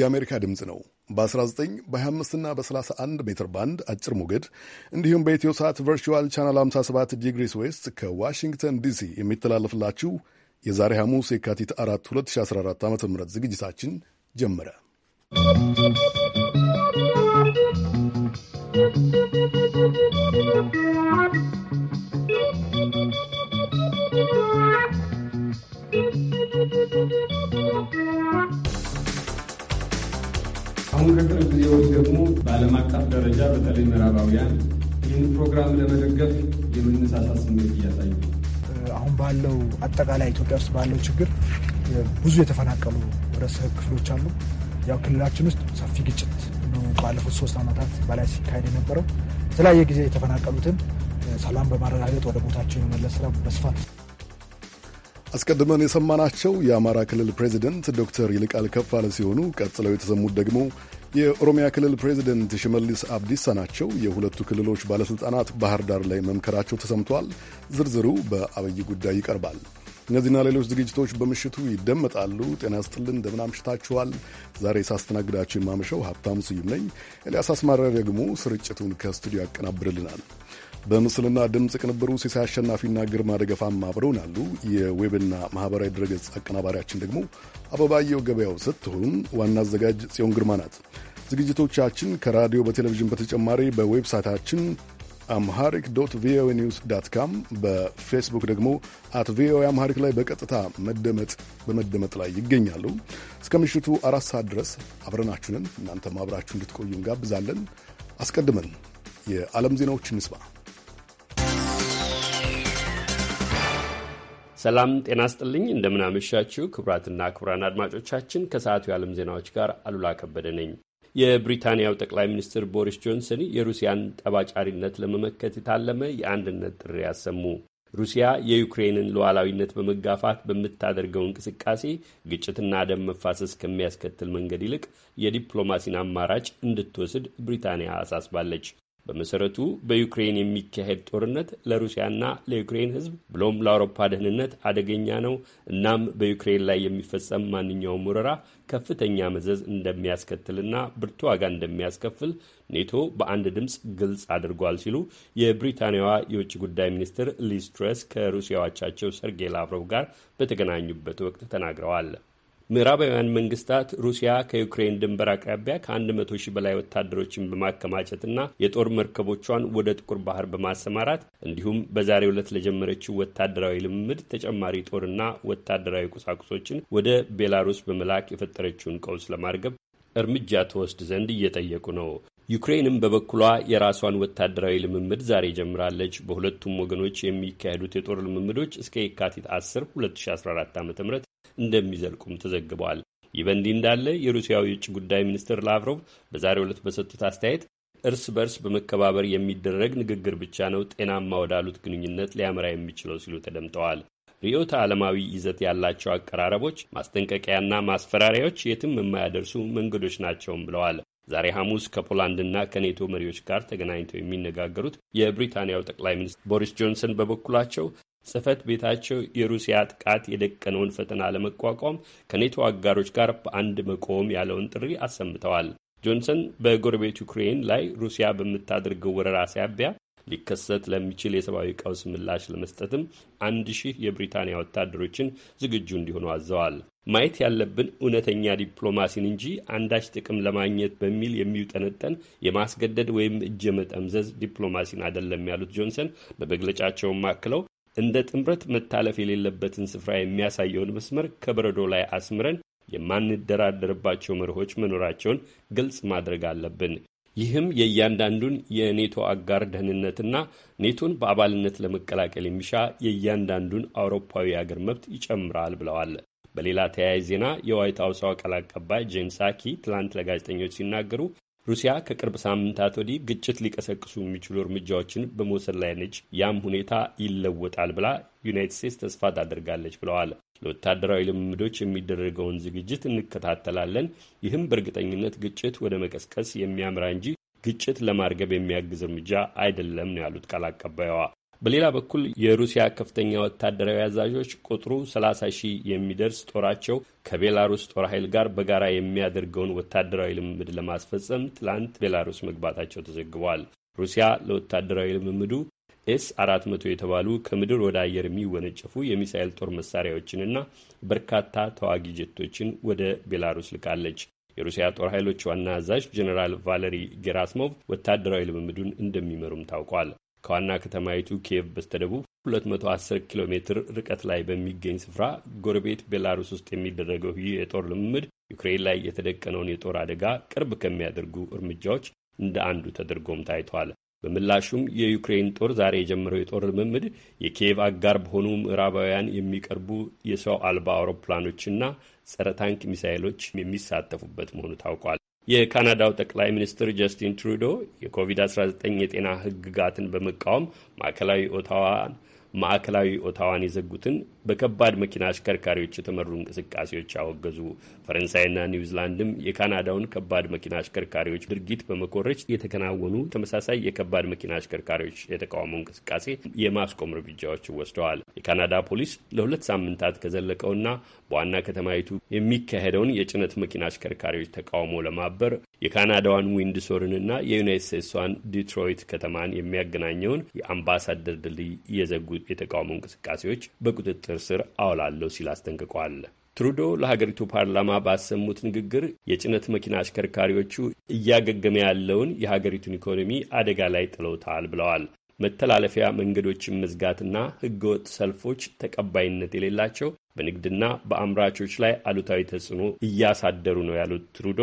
የአሜሪካ ድምፅ ነው። በ19 በ25 እና በ31 ሜትር ባንድ አጭር ሞገድ እንዲሁም በኢትዮ ሰዓት ቨርቹዋል ቻናል 57 ዲግሪስ ዌስት ከዋሽንግተን ዲሲ የሚተላለፍላችሁ የዛሬ ሐሙስ የካቲት 4 2014 ዓ ም ዝግጅታችን ጀመረ። አሁን ከቅርብ ጊዜ ወዲህ ደግሞ በዓለም አቀፍ ደረጃ በተለይ ምዕራባውያን ይህን ፕሮግራም ለመደገፍ የመነሳሳት ስሜት እያሳዩ አሁን ባለው አጠቃላይ ኢትዮጵያ ውስጥ ባለው ችግር ብዙ የተፈናቀሉ ህብረተሰብ ክፍሎች አሉ። ያው ክልላችን ውስጥ ሰፊ ግጭት ባለፉት ሶስት ዓመታት በላይ ሲካሄድ የነበረው የተለያየ ጊዜ የተፈናቀሉትን ሰላም በማረጋገጥ ወደ ቦታቸው የመመለስ ስራ በስፋት አስቀድመን የሰማናቸው የአማራ ክልል ፕሬዚደንት ዶክተር ይልቃል ከፋለ ሲሆኑ ቀጥለው የተሰሙት ደግሞ የኦሮሚያ ክልል ፕሬዚደንት ሽመልስ አብዲሳ ናቸው። የሁለቱ ክልሎች ባለሥልጣናት ባህር ዳር ላይ መምከራቸው ተሰምቷል። ዝርዝሩ በአብይ ጉዳይ ይቀርባል። እነዚህና ሌሎች ዝግጅቶች በምሽቱ ይደመጣሉ። ጤና ስጥልን፣ እንደምን አምሽታችኋል። ዛሬ ሳስተናግዳችሁ የማመሸው ሀብታሙ ስዩም ነኝ። ኤልያስ አስማራ ደግሞ ስርጭቱን ከስቱዲዮ ያቀናብርልናል። በምስልና ድምፅ ቅንብሩ ሲሳይ አሸናፊና ግርማ ደገፋም አብረውን አሉ። የዌብና ማኅበራዊ ድረገጽ አቀናባሪያችን ደግሞ አበባየው ገበያው ስትሆን ዋና አዘጋጅ ጽዮን ግርማ ናት። ዝግጅቶቻችን ከራዲዮ በቴሌቪዥን በተጨማሪ በዌብሳይታችን አምሃሪክ ዶት ቪኦኤ ኒውስ ዳት ካም በፌስቡክ ደግሞ አት ቪኦኤ አምሃሪክ ላይ በቀጥታ መደመጥ በመደመጥ ላይ ይገኛሉ። እስከ ምሽቱ አራት ሰዓት ድረስ አብረናችሁንን እናንተም አብራችሁ እንድትቆዩ እንጋብዛለን። አስቀድመን የዓለም ዜናዎችን እንስማ። ሰላም ጤና ስጥልኝ። እንደምናመሻችው ክቡራትና ክቡራን አድማጮቻችን ከሰዓቱ የዓለም ዜናዎች ጋር አሉላ ከበደ ነኝ። የብሪታንያው ጠቅላይ ሚኒስትር ቦሪስ ጆንሰን የሩሲያን ጠባጫሪነት ለመመከት የታለመ የአንድነት ጥሪ አሰሙ። ሩሲያ የዩክሬንን ሉዓላዊነት በመጋፋት በምታደርገው እንቅስቃሴ ግጭትና ደም መፋሰስ ከሚያስከትል መንገድ ይልቅ የዲፕሎማሲን አማራጭ እንድትወስድ ብሪታንያ አሳስባለች። በመሰረቱ በዩክሬን የሚካሄድ ጦርነት ለሩሲያና ለዩክሬን ሕዝብ ብሎም ለአውሮፓ ደህንነት አደገኛ ነው። እናም በዩክሬን ላይ የሚፈጸም ማንኛውም ወረራ ከፍተኛ መዘዝ እንደሚያስከትልና ብርቱ ዋጋ እንደሚያስከፍል ኔቶ በአንድ ድምፅ ግልጽ አድርጓል ሲሉ የብሪታንያዋ የውጭ ጉዳይ ሚኒስትር ሊስትረስ ከሩሲያዋቻቸው ሰርጌ ሰርጌይ ላቭሮቭ ጋር በተገናኙበት ወቅት ተናግረዋል። ምዕራባውያን መንግስታት ሩሲያ ከዩክሬን ድንበር አቅራቢያ ከ100 ሺህ በላይ ወታደሮችን በማከማቸትና የጦር መርከቦቿን ወደ ጥቁር ባህር በማሰማራት እንዲሁም በዛሬው ዕለት ለጀመረችው ወታደራዊ ልምምድ ተጨማሪ ጦርና ወታደራዊ ቁሳቁሶችን ወደ ቤላሩስ በመላክ የፈጠረችውን ቀውስ ለማርገብ እርምጃ ተወስድ ዘንድ እየጠየቁ ነው። ዩክሬንም በበኩሏ የራሷን ወታደራዊ ልምምድ ዛሬ ጀምራለች። በሁለቱም ወገኖች የሚካሄዱት የጦር ልምምዶች እስከ የካቲት 10 2014 ዓ ም እንደሚዘልቁም ተዘግበዋል። ይህ በእንዲህ እንዳለ የሩሲያው የውጭ ጉዳይ ሚኒስትር ላቭሮቭ በዛሬው ዕለት በሰጡት አስተያየት እርስ በርስ በመከባበር የሚደረግ ንግግር ብቻ ነው ጤናማ ወዳሉት ግንኙነት ሊያመራ የሚችለው ሲሉ ተደምጠዋል። ርዕዮተ ዓለማዊ ይዘት ያላቸው አቀራረቦች፣ ማስጠንቀቂያና ማስፈራሪያዎች የትም የማያደርሱ መንገዶች ናቸውም ብለዋል። ዛሬ ሐሙስ ከፖላንድና ከኔቶ መሪዎች ጋር ተገናኝተው የሚነጋገሩት የብሪታንያው ጠቅላይ ሚኒስትር ቦሪስ ጆንሰን በበኩላቸው ጽህፈት ቤታቸው የሩሲያ ጥቃት የደቀነውን ፈተና ለመቋቋም ከኔቶ አጋሮች ጋር በአንድ መቆም ያለውን ጥሪ አሰምተዋል። ጆንሰን በጎረቤት ዩክሬን ላይ ሩሲያ በምታደርገው ወረራ ሳቢያ ሊከሰት ለሚችል የሰብአዊ ቀውስ ምላሽ ለመስጠትም አንድ ሺህ የብሪታንያ ወታደሮችን ዝግጁ እንዲሆኑ አዘዋል። ማየት ያለብን እውነተኛ ዲፕሎማሲን እንጂ አንዳች ጥቅም ለማግኘት በሚል የሚውጠነጠን የማስገደድ ወይም እጅ መጠምዘዝ ዲፕሎማሲን አይደለም ያሉት ጆንሰን በመግለጫቸውም አክለው እንደ ጥምረት መታለፍ የሌለበትን ስፍራ የሚያሳየውን መስመር ከበረዶ ላይ አስምረን የማንደራደርባቸው መርሆች መኖራቸውን ግልጽ ማድረግ አለብን። ይህም የእያንዳንዱን የኔቶ አጋር ደህንነትና ኔቶን በአባልነት ለመቀላቀል የሚሻ የእያንዳንዱን አውሮፓዊ አገር መብት ይጨምራል ብለዋል። በሌላ ተያያዥ ዜና የዋይት ሀውስ ቃል አቀባይ ጄን ሳኪ ትላንት ለጋዜጠኞች ሲናገሩ ሩሲያ ከቅርብ ሳምንታት ወዲህ ግጭት ሊቀሰቅሱ የሚችሉ እርምጃዎችን በመውሰድ ላይ ነች፣ ያም ሁኔታ ይለወጣል ብላ ዩናይትድ ስቴትስ ተስፋ ታደርጋለች ብለዋል። ለወታደራዊ ልምምዶች የሚደረገውን ዝግጅት እንከታተላለን። ይህም በእርግጠኝነት ግጭት ወደ መቀስቀስ የሚያምራ እንጂ ግጭት ለማርገብ የሚያግዝ እርምጃ አይደለም ነው ያሉት ቃል አቀባይዋ። በሌላ በኩል የሩሲያ ከፍተኛ ወታደራዊ አዛዦች ቁጥሩ 30 ሺህ የሚደርስ ጦራቸው ከቤላሩስ ጦር ኃይል ጋር በጋራ የሚያደርገውን ወታደራዊ ልምምድ ለማስፈጸም ትላንት ቤላሩስ መግባታቸው ተዘግቧል። ሩሲያ ለወታደራዊ ልምምዱ ኤስ 400 የተባሉ ከምድር ወደ አየር የሚወነጨፉ የሚሳኤል ጦር መሳሪያዎችንና በርካታ ተዋጊ ጀቶችን ወደ ቤላሩስ ልካለች። የሩሲያ ጦር ኃይሎች ዋና አዛዥ ጀኔራል ቫለሪ ጌራስሞቭ ወታደራዊ ልምምዱን እንደሚመሩም ታውቋል። ከዋና ከተማይቱ ኪየቭ በስተደቡብ 210 ኪሎ ሜትር ርቀት ላይ በሚገኝ ስፍራ ጎረቤት ቤላሩስ ውስጥ የሚደረገው ይህ የጦር ልምምድ ዩክሬን ላይ የተደቀነውን የጦር አደጋ ቅርብ ከሚያደርጉ እርምጃዎች እንደ አንዱ ተደርጎም ታይቷል። በምላሹም የዩክሬን ጦር ዛሬ የጀመረው የጦር ልምምድ የኪየቭ አጋር በሆኑ ምዕራባውያን የሚቀርቡ የሰው አልባ አውሮፕላኖችና ጸረ ታንክ ሚሳይሎች የሚሳተፉበት መሆኑ ታውቋል። የካናዳው ጠቅላይ ሚኒስትር ጀስቲን ትሩዶ የኮቪድ-19 የጤና ህግጋትን በመቃወም ማዕከላዊ ኦታዋን ማዕከላዊ ኦታዋን የዘጉትን በከባድ መኪና አሽከርካሪዎች የተመሩ እንቅስቃሴዎች አወገዙ። ፈረንሳይና ኒውዚላንድም የካናዳውን ከባድ መኪና አሽከርካሪዎች ድርጊት በመኮረጅ የተከናወኑ ተመሳሳይ የከባድ መኪና አሽከርካሪዎች የተቃውሞ እንቅስቃሴ የማስቆም እርምጃዎችን ወስደዋል። የካናዳ ፖሊስ ለሁለት ሳምንታት ከዘለቀውና በዋና ከተማይቱ የሚካሄደውን የጭነት መኪና አሽከርካሪዎች ተቃውሞ ለማበር የካናዳዋን ዊንድሶርንና የዩናይት ስቴትሷን ዲትሮይት ከተማን የሚያገናኘውን የአምባሳደር ድልድይ የዘጉት የተቃውሞ እንቅስቃሴዎች በቁጥጥር ስር አውላለሁ ሲል አስጠንቅቋል። ትሩዶ ለሀገሪቱ ፓርላማ ባሰሙት ንግግር የጭነት መኪና አሽከርካሪዎቹ እያገገመ ያለውን የሀገሪቱን ኢኮኖሚ አደጋ ላይ ጥለውታል ብለዋል። መተላለፊያ መንገዶችን መዝጋትና ህገወጥ ሰልፎች ተቀባይነት የሌላቸው በንግድና በአምራቾች ላይ አሉታዊ ተጽዕኖ እያሳደሩ ነው ያሉት ትሩዶ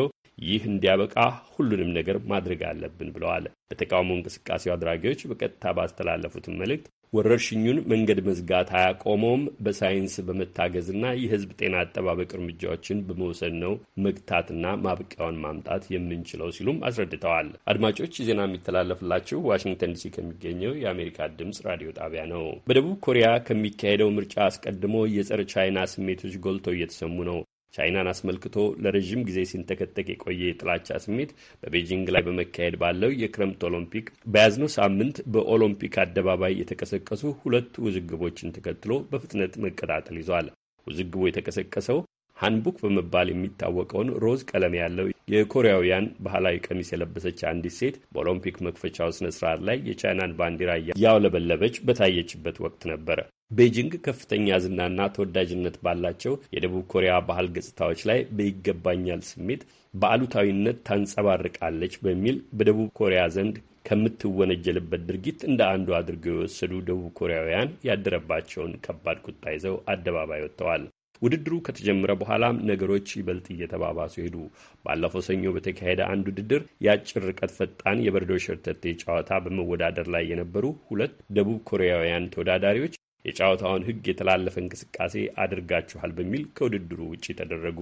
ይህ እንዲያበቃ ሁሉንም ነገር ማድረግ አለብን ብለዋል። በተቃውሞ እንቅስቃሴው አድራጊዎች በቀጥታ ባስተላለፉትን መልእክት ወረርሽኙን መንገድ መዝጋት አያቆመውም፣ በሳይንስ በመታገዝና የህዝብ ጤና አጠባበቅ እርምጃዎችን በመውሰድ ነው መግታትና ማብቂያውን ማምጣት የምንችለው ሲሉም አስረድተዋል። አድማጮች ዜና የሚተላለፍላችሁ ዋሽንግተን ዲሲ ከሚገኘው የአሜሪካ ድምፅ ራዲዮ ጣቢያ ነው። በደቡብ ኮሪያ ከሚካሄደው ምርጫ አስቀድሞ የጸረ ቻይና ስሜቶች ጎልተው እየተሰሙ ነው። ቻይናን አስመልክቶ ለረዥም ጊዜ ሲንተከተክ የቆየ የጥላቻ ስሜት በቤጂንግ ላይ በመካሄድ ባለው የክረምት ኦሎምፒክ በያዝነው ሳምንት በኦሎምፒክ አደባባይ የተቀሰቀሱ ሁለት ውዝግቦችን ተከትሎ በፍጥነት መቀጣጠል ይዟል። ውዝግቡ የተቀሰቀሰው ሃንቡክ በመባል የሚታወቀውን ሮዝ ቀለም ያለው የኮሪያውያን ባህላዊ ቀሚስ የለበሰች አንዲት ሴት በኦሎምፒክ መክፈቻው ስነ ስርዓት ላይ የቻይናን ባንዲራ እያውለበለበች በታየችበት ወቅት ነበረ። ቤጂንግ ከፍተኛ ዝናና ተወዳጅነት ባላቸው የደቡብ ኮሪያ ባህል ገጽታዎች ላይ በይገባኛል ስሜት በአሉታዊነት ታንጸባርቃለች በሚል በደቡብ ኮሪያ ዘንድ ከምትወነጀልበት ድርጊት እንደ አንዱ አድርገው የወሰዱ ደቡብ ኮሪያውያን ያደረባቸውን ከባድ ቁጣ ይዘው አደባባይ ወጥተዋል። ውድድሩ ከተጀመረ በኋላም ነገሮች ይበልጥ እየተባባሱ ሄዱ። ባለፈው ሰኞ በተካሄደ አንድ ውድድር የአጭር ርቀት ፈጣን የበረዶ ሸርተቴ ጨዋታ በመወዳደር ላይ የነበሩ ሁለት ደቡብ ኮሪያውያን ተወዳዳሪዎች የጨዋታውን ሕግ የተላለፈ እንቅስቃሴ አድርጋችኋል በሚል ከውድድሩ ውጭ ተደረጉ።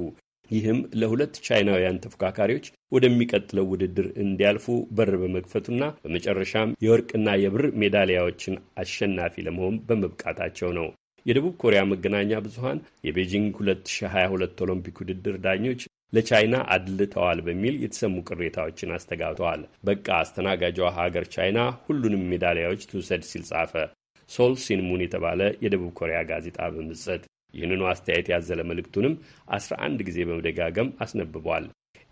ይህም ለሁለት ቻይናውያን ተፎካካሪዎች ወደሚቀጥለው ውድድር እንዲያልፉ በር በመክፈቱና በመጨረሻም የወርቅና የብር ሜዳሊያዎችን አሸናፊ ለመሆን በመብቃታቸው ነው። የደቡብ ኮሪያ መገናኛ ብዙኃን የቤጂንግ 2022 ኦሎምፒክ ውድድር ዳኞች ለቻይና አድልተዋል በሚል የተሰሙ ቅሬታዎችን አስተጋብተዋል። በቃ አስተናጋጇ ሀገር ቻይና ሁሉንም ሜዳሊያዎች ትውሰድ ሲል ጻፈ። ሶል ሲንሙን የተባለ የደቡብ ኮሪያ ጋዜጣ በምጸት ይህንኑ አስተያየት ያዘለ መልእክቱንም 11 ጊዜ በመደጋገም አስነብቧል።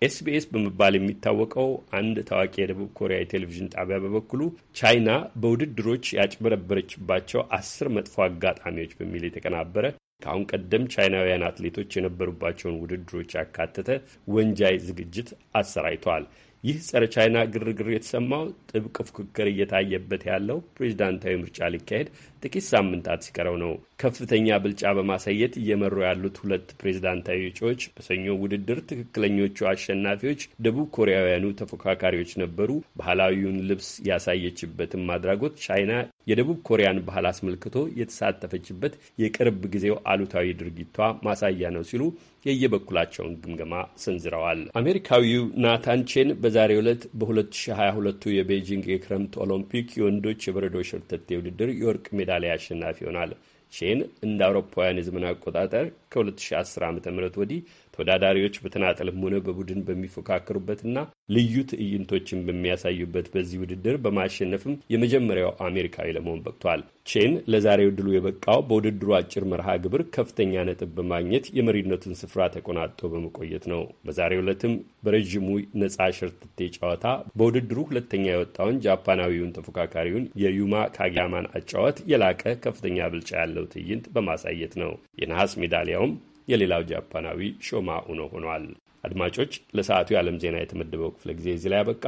ኤስቢኤስ በመባል የሚታወቀው አንድ ታዋቂ የደቡብ ኮሪያ የቴሌቪዥን ጣቢያ በበኩሉ ቻይና በውድድሮች ያጭበረበረችባቸው አስር መጥፎ አጋጣሚዎች በሚል የተቀናበረ ከአሁን ቀደም ቻይናውያን አትሌቶች የነበሩባቸውን ውድድሮች ያካተተ ወንጃይ ዝግጅት አሰራይቷል። ይህ ጸረ ቻይና ግርግር የተሰማው ጥብቅ ፉክክር እየታየበት ያለው ፕሬዚዳንታዊ ምርጫ ሊካሄድ ጥቂት ሳምንታት ሲቀረው ነው። ከፍተኛ ብልጫ በማሳየት እየመሩ ያሉት ሁለት ፕሬዚዳንታዊ እጩዎች በሰኞ ውድድር ትክክለኞቹ አሸናፊዎች ደቡብ ኮሪያውያኑ ተፎካካሪዎች ነበሩ። ባህላዊውን ልብስ ያሳየችበትም አድራጎት ቻይና የደቡብ ኮሪያን ባህል አስመልክቶ የተሳተፈችበት የቅርብ ጊዜው አሉታዊ ድርጊቷ ማሳያ ነው ሲሉ የየበኩላቸውን ግምገማ ሰንዝረዋል። አሜሪካዊው ናታን ቼን በ በዛሬው ዕለት በ2022ቱ የቤጂንግ የክረምት ኦሎምፒክ የወንዶች የበረዶ ሸርተቴ ውድድር የወርቅ ሜዳሊያ አሸናፊ ይሆናል። ሼን እንደ አውሮፓውያን የዘመን አቆጣጠር ከ2010 ዓ ም ወዲህ ተወዳዳሪዎች በተናጠልም ሆነ በቡድን በሚፎካከሩበትና ልዩ ትዕይንቶችን በሚያሳዩበት በዚህ ውድድር በማሸነፍም የመጀመሪያው አሜሪካዊ ለመሆን በቅቷል። ቼን ለዛሬው ድሉ የበቃው በውድድሩ አጭር መርሃ ግብር ከፍተኛ ነጥብ በማግኘት የመሪነቱን ስፍራ ተቆናጦ በመቆየት ነው። በዛሬው ዕለትም በረዥሙ ነፃ ሽርትቴ ጨዋታ በውድድሩ ሁለተኛ የወጣውን ጃፓናዊውን ተፎካካሪውን የዩማ ካጊያማን አጫዋት የላቀ ከፍተኛ ብልጫ ያለው ትዕይንት በማሳየት ነው። የነሐስ ሜዳሊያውም የሌላው ጃፓናዊ ሾማ ኡኖ ሆኗል። አድማጮች፣ ለሰዓቱ የዓለም ዜና የተመደበው ክፍለ ጊዜ እዚህ ላይ ያበቃ።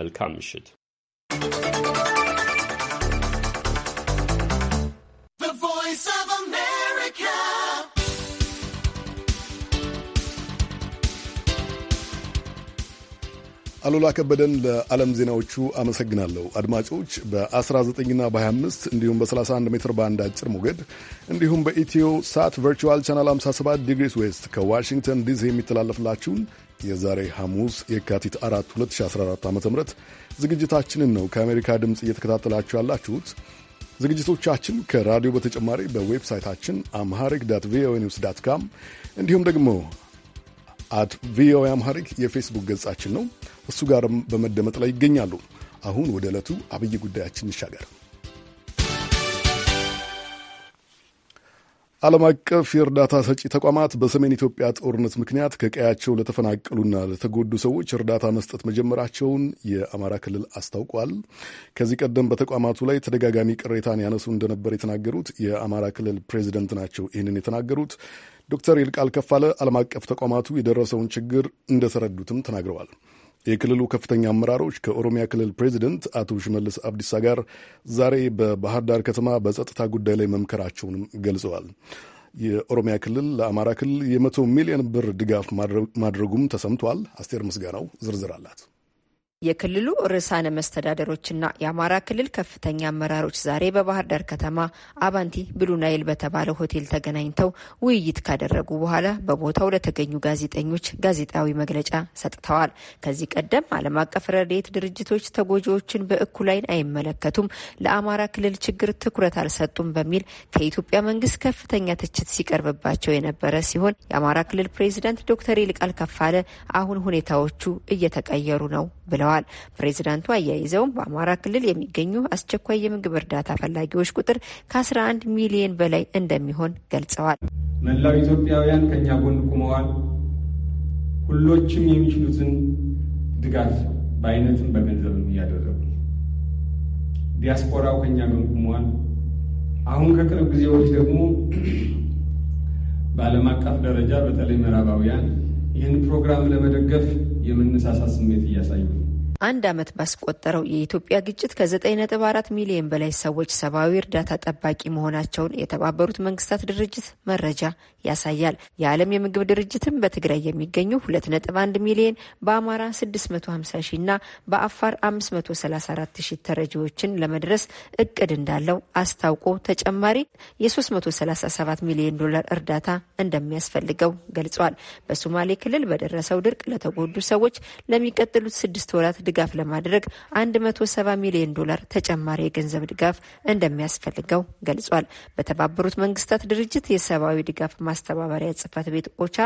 መልካም ምሽት። አሉላ ከበደን ለዓለም ዜናዎቹ አመሰግናለሁ። አድማጮች በ19ና በ25 እንዲሁም በ31 ሜትር ባንድ አጭር ሞገድ እንዲሁም በኢትዮ ሳት ቨርቹዋል ቻናል 57 ዲግሪስ ዌስት ከዋሽንግተን ዲሲ የሚተላለፍላችሁን የዛሬ ሐሙስ የካቲት 4 2014 ዓ ም ዝግጅታችንን ነው ከአሜሪካ ድምፅ እየተከታተላችሁ ያላችሁት። ዝግጅቶቻችን ከራዲዮ በተጨማሪ በዌብሳይታችን አምሃሪክ ዳት ቪኦኤ ኒውስ ዳት ካም እንዲሁም ደግሞ አት ቪኦኤ አምሃሪክ የፌስቡክ ገጻችን ነው። እሱ ጋር በመደመጥ ላይ ይገኛሉ። አሁን ወደ ዕለቱ አብይ ጉዳያችን ይሻገር። ዓለም አቀፍ የእርዳታ ሰጪ ተቋማት በሰሜን ኢትዮጵያ ጦርነት ምክንያት ከቀያቸው ለተፈናቀሉና ለተጎዱ ሰዎች እርዳታ መስጠት መጀመራቸውን የአማራ ክልል አስታውቋል። ከዚህ ቀደም በተቋማቱ ላይ ተደጋጋሚ ቅሬታን ያነሱ እንደነበር የተናገሩት የአማራ ክልል ፕሬዚደንት ናቸው። ይህንን የተናገሩት ዶክተር ይልቃል ከፋለ ዓለም አቀፍ ተቋማቱ የደረሰውን ችግር እንደተረዱትም ተናግረዋል። የክልሉ ከፍተኛ አመራሮች ከኦሮሚያ ክልል ፕሬዚደንት አቶ ሽመልስ አብዲሳ ጋር ዛሬ በባህር ዳር ከተማ በጸጥታ ጉዳይ ላይ መምከራቸውንም ገልጸዋል። የኦሮሚያ ክልል ለአማራ ክልል የመቶ ሚሊዮን ብር ድጋፍ ማድረጉም ተሰምቷል። አስቴር ምስጋናው ዝርዝር አላት። የክልሉ ርዕሳነ መስተዳደሮችና የአማራ ክልል ከፍተኛ አመራሮች ዛሬ በባህር ዳር ከተማ አባንቲ ብሉ ናይል በተባለ ሆቴል ተገናኝተው ውይይት ካደረጉ በኋላ በቦታው ለተገኙ ጋዜጠኞች ጋዜጣዊ መግለጫ ሰጥተዋል። ከዚህ ቀደም ዓለም አቀፍ ረድኤት ድርጅቶች ተጎጂዎችን በእኩል ዓይን አይመለከቱም፣ ለአማራ ክልል ችግር ትኩረት አልሰጡም በሚል ከኢትዮጵያ መንግስት ከፍተኛ ትችት ሲቀርብባቸው የነበረ ሲሆን የአማራ ክልል ፕሬዚዳንት ዶክተር ይልቃል ከፋለ አሁን ሁኔታዎቹ እየተቀየሩ ነው ብለዋል። ብለዋል። ፕሬዚዳንቱ አያይዘውም በአማራ ክልል የሚገኙ አስቸኳይ የምግብ እርዳታ ፈላጊዎች ቁጥር ከ11 ሚሊዮን በላይ እንደሚሆን ገልጸዋል። መላው ኢትዮጵያውያን ከእኛ ጎን ቁመዋል። ሁሎችም የሚችሉትን ድጋፍ በአይነትም በገንዘብም እያደረጉ ዲያስፖራው ከእኛ ጎን ቁመዋል። አሁን ከቅርብ ጊዜ ደግሞ በዓለም አቀፍ ደረጃ በተለይ ምዕራባውያን ይህን ፕሮግራም ለመደገፍ የመነሳሳት ስሜት እያሳዩ ነው። አንድ ዓመት ባስቆጠረው የኢትዮጵያ ግጭት ከ9.4 ሚሊዮን በላይ ሰዎች ሰብአዊ እርዳታ ጠባቂ መሆናቸውን የተባበሩት መንግስታት ድርጅት መረጃ ያሳያል። የዓለም የምግብ ድርጅትም በትግራይ የሚገኙ 2.1 ሚሊዮን፣ በአማራ 650 ሺ እና በአፋር 534 ሺ ተረጂዎችን ለመድረስ እቅድ እንዳለው አስታውቆ ተጨማሪ የ337 ሚሊዮን ዶላር እርዳታ እንደሚያስፈልገው ገልጿል። በሶማሌ ክልል በደረሰው ድርቅ ለተጎዱ ሰዎች ለሚቀጥሉት ስድስት ወራት ድጋፍ ለማድረግ 170 ሚሊዮን ዶላር ተጨማሪ የገንዘብ ድጋፍ እንደሚያስፈልገው ገልጿል። በተባበሩት መንግስታት ድርጅት የሰብአዊ ድጋፍ ማስተባበሪያ ጽህፈት ቤት ኦቻ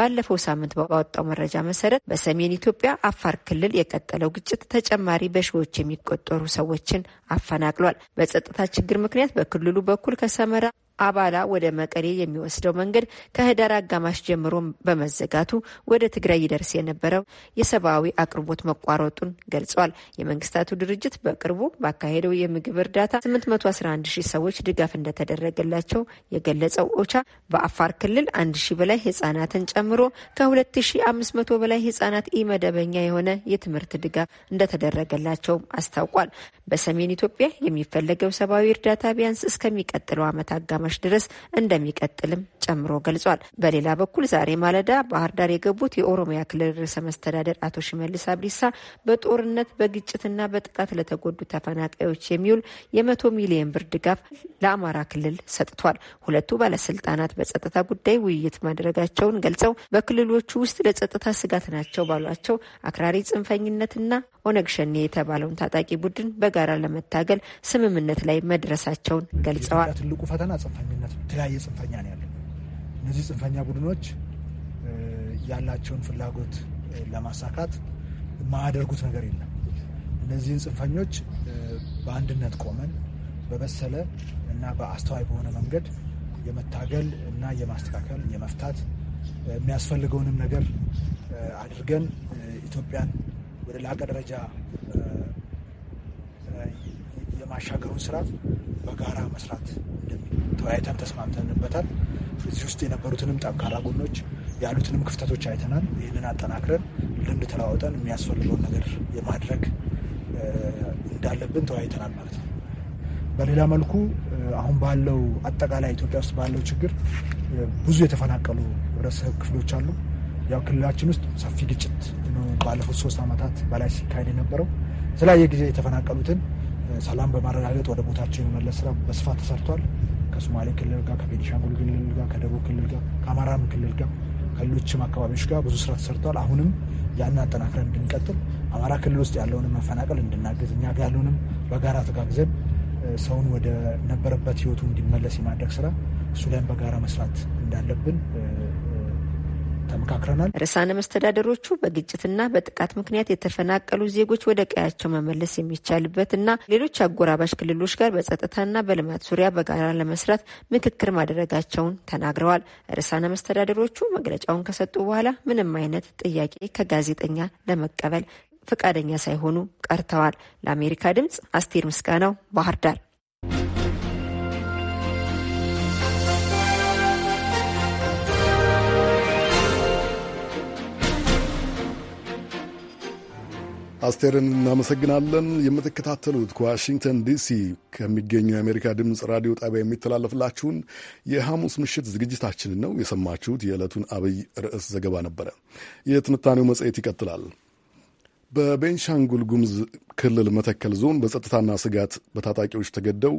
ባለፈው ሳምንት ባወጣው መረጃ መሰረት በሰሜን ኢትዮጵያ አፋር ክልል የቀጠለው ግጭት ተጨማሪ በሺዎች የሚቆጠሩ ሰዎችን አፈናቅሏል። በጸጥታ ችግር ምክንያት በክልሉ በኩል ከሰመራ አባላ ወደ መቀሌ የሚወስደው መንገድ ከህዳር አጋማሽ ጀምሮ በመዘጋቱ ወደ ትግራይ ይደርስ የነበረው የሰብአዊ አቅርቦት መቋረጡን ገልጿል። የመንግስታቱ ድርጅት በቅርቡ ባካሄደው የምግብ እርዳታ 811 ሺህ ሰዎች ድጋፍ እንደተደረገላቸው የገለጸው ኦቻ በአፋር ክልል 1 ሺህ በላይ ህጻናትን ጨምሮ ከ2500 በላይ ህጻናት ኢመደበኛ የሆነ የትምህርት ድጋፍ እንደተደረገላቸው አስታውቋል። በሰሜን ኢትዮጵያ የሚፈለገው ሰብአዊ እርዳታ ቢያንስ እስከሚቀጥለው ዓመት አጋማሽ እስኪያመሽ ድረስ እንደሚቀጥልም ጨምሮ ገልጿል። በሌላ በኩል ዛሬ ማለዳ ባህር ዳር የገቡት የኦሮሚያ ክልል ርዕሰ መስተዳደር አቶ ሽመልስ አብዲሳ በጦርነት በግጭትና በጥቃት ለተጎዱ ተፈናቃዮች የሚውል የመቶ ሚሊዮን ብር ድጋፍ ለአማራ ክልል ሰጥቷል። ሁለቱ ባለስልጣናት በጸጥታ ጉዳይ ውይይት ማድረጋቸውን ገልጸው በክልሎቹ ውስጥ ለጸጥታ ስጋት ናቸው ባሏቸው አክራሪ ጽንፈኝነትና ኦነግ ሸኔ የተባለውን ታጣቂ ቡድን በጋራ ለመታገል ስምምነት ላይ መድረሳቸውን ገልጸዋል። ትልቁ ፈተና ጽንፈኝነት፣ የተለያየ ጽንፈኛ ነው ያለው። እነዚህ ጽንፈኛ ቡድኖች ያላቸውን ፍላጎት ለማሳካት የማያደርጉት ነገር የለም። እነዚህን ጽንፈኞች በአንድነት ቆመን በበሰለ እና በአስተዋይ በሆነ መንገድ የመታገል እና የማስተካከል የመፍታት የሚያስፈልገውንም ነገር አድርገን ኢትዮጵያን ወደ ላቀ ደረጃ የማሻገሩን ስራ በጋራ መስራት ተወያይተን ተስማምተንበታል። እዚህ ውስጥ የነበሩትንም ጠንካራ ጎኖች ያሉትንም ክፍተቶች አይተናል። ይህንን አጠናክረን ልምድ ተለዋውጠን የሚያስፈልገውን ነገር የማድረግ እንዳለብን ተወያይተናል ማለት ነው። በሌላ መልኩ አሁን ባለው አጠቃላይ ኢትዮጵያ ውስጥ ባለው ችግር ብዙ የተፈናቀሉ ህብረተሰብ ክፍሎች አሉ። ያው ክልላችን ውስጥ ሰፊ ግጭት ባለፉት ሶስት ዓመታት በላይ ሲካሄድ የነበረው የተለያየ ጊዜ የተፈናቀሉትን ሰላም በማረጋገጥ ወደ ቦታቸው የመመለስ ስራ በስፋት ተሰርቷል። ከሶማሌ ክልል ጋር፣ ከቤኒሻንጉል ክልል ጋር፣ ከደቡብ ክልል ጋር፣ ከአማራም ክልል ጋር ከሌሎችም አካባቢዎች ጋር ብዙ ስራ ተሰርቷል። አሁንም ያን አጠናክረን እንድንቀጥል አማራ ክልል ውስጥ ያለውንም መፈናቀል እንድናገዝ እኛ ጋር ያለውንም በጋራ ተጋግዘን ሰውን ወደ ነበረበት ህይወቱ እንዲመለስ የማድረግ ስራ እሱ ላይም በጋራ መስራት እንዳለብን ተመካክረናል። ርዕሳነ መስተዳደሮቹ በግጭትና በጥቃት ምክንያት የተፈናቀሉ ዜጎች ወደ ቀያቸው መመለስ የሚቻልበት እና ሌሎች አጎራባሽ ክልሎች ጋር በጸጥታና በልማት ዙሪያ በጋራ ለመስራት ምክክር ማድረጋቸውን ተናግረዋል። ርዕሳነ መስተዳደሮቹ መግለጫውን ከሰጡ በኋላ ምንም አይነት ጥያቄ ከጋዜጠኛ ለመቀበል ፈቃደኛ ሳይሆኑ ቀርተዋል። ለአሜሪካ ድምጽ አስቴር ምስጋናው ባህር ዳር አስቴርን እናመሰግናለን። የምትከታተሉት ከዋሽንግተን ዲሲ ከሚገኘው የአሜሪካ ድምፅ ራዲዮ ጣቢያ የሚተላለፍላችሁን የሐሙስ ምሽት ዝግጅታችንን ነው። የሰማችሁት የዕለቱን አብይ ርዕስ ዘገባ ነበረ። የትንታኔው መጽሔት ይቀጥላል። በቤንሻንጉል ጉሙዝ ክልል መተከል ዞን በጸጥታና ስጋት በታጣቂዎች ተገደው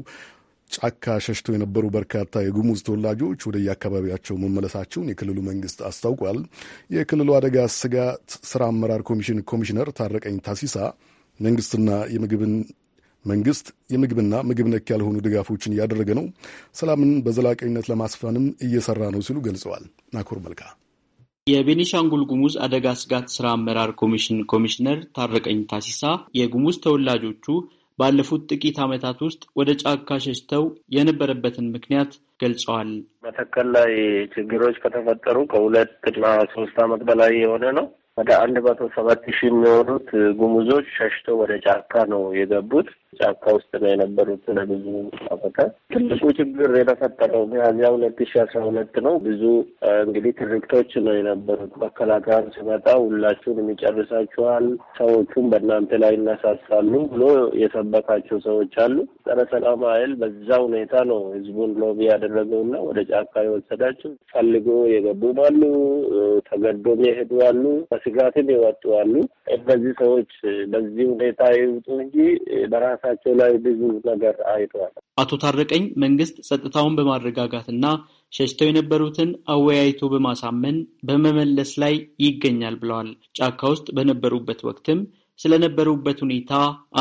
ጫካ ሸሽተው የነበሩ በርካታ የጉሙዝ ተወላጆች ወደ የአካባቢያቸው መመለሳቸውን የክልሉ መንግስት አስታውቋል። የክልሉ አደጋ ስጋት ስራ አመራር ኮሚሽን ኮሚሽነር ታረቀኝ ታሲሳ መንግስትና የምግብን መንግስት የምግብና ምግብ ነክ ያልሆኑ ድጋፎችን እያደረገ ነው፣ ሰላምን በዘላቂነት ለማስፈንም እየሰራ ነው ሲሉ ገልጸዋል። ናኮር መልካ የቤኒሻንጉል ጉሙዝ አደጋ ስጋት ስራ አመራር ኮሚሽን ኮሚሽነር ታረቀኝ ታሲሳ የጉሙዝ ተወላጆቹ ባለፉት ጥቂት ዓመታት ውስጥ ወደ ጫካ ሸሽተው የነበረበትን ምክንያት ገልጸዋል። መተከል ላይ ችግሮች ከተፈጠሩ ከሁለት እና ሶስት ዓመት በላይ የሆነ ነው። ወደ አንድ መቶ ሰባት ሺህ የሚሆኑት ጉሙዞች ሸሽቶ ወደ ጫካ ነው የገቡት። ጫካ ውስጥ ነው የነበሩት ለብዙ አመታት። ትልቁ ችግር የተፈጠረው ሚያዝያ ሁለት ሺህ አስራ ሁለት ነው። ብዙ እንግዲህ ትርክቶች ነው የነበሩት። መከላከያን ሲመጣ ሁላችሁን ይጨርሳችኋል፣ ሰዎቹም በእናንተ ላይ ይነሳሳሉ ብሎ የሰበካቸው ሰዎች አሉ። ጸረ ሰላም ኃይል በዛ ሁኔታ ነው ህዝቡን ሎቢ ያደረገውና ወደ ጫካ የወሰዳቸው ፈልጎ የገቡም አሉ፣ ተገዶም የሄዱ አሉ። በስጋትም የወጡ አሉ። እነዚህ ሰዎች በዚህ ሁኔታ ይውጡ እንጂ በራሳቸው ላይ ብዙ ነገር አይተዋል። አቶ ታረቀኝ መንግስት ጸጥታውን በማረጋጋትና ሸሽተው የነበሩትን አወያይቶ በማሳመን በመመለስ ላይ ይገኛል ብለዋል። ጫካ ውስጥ በነበሩበት ወቅትም ስለነበሩበት ሁኔታ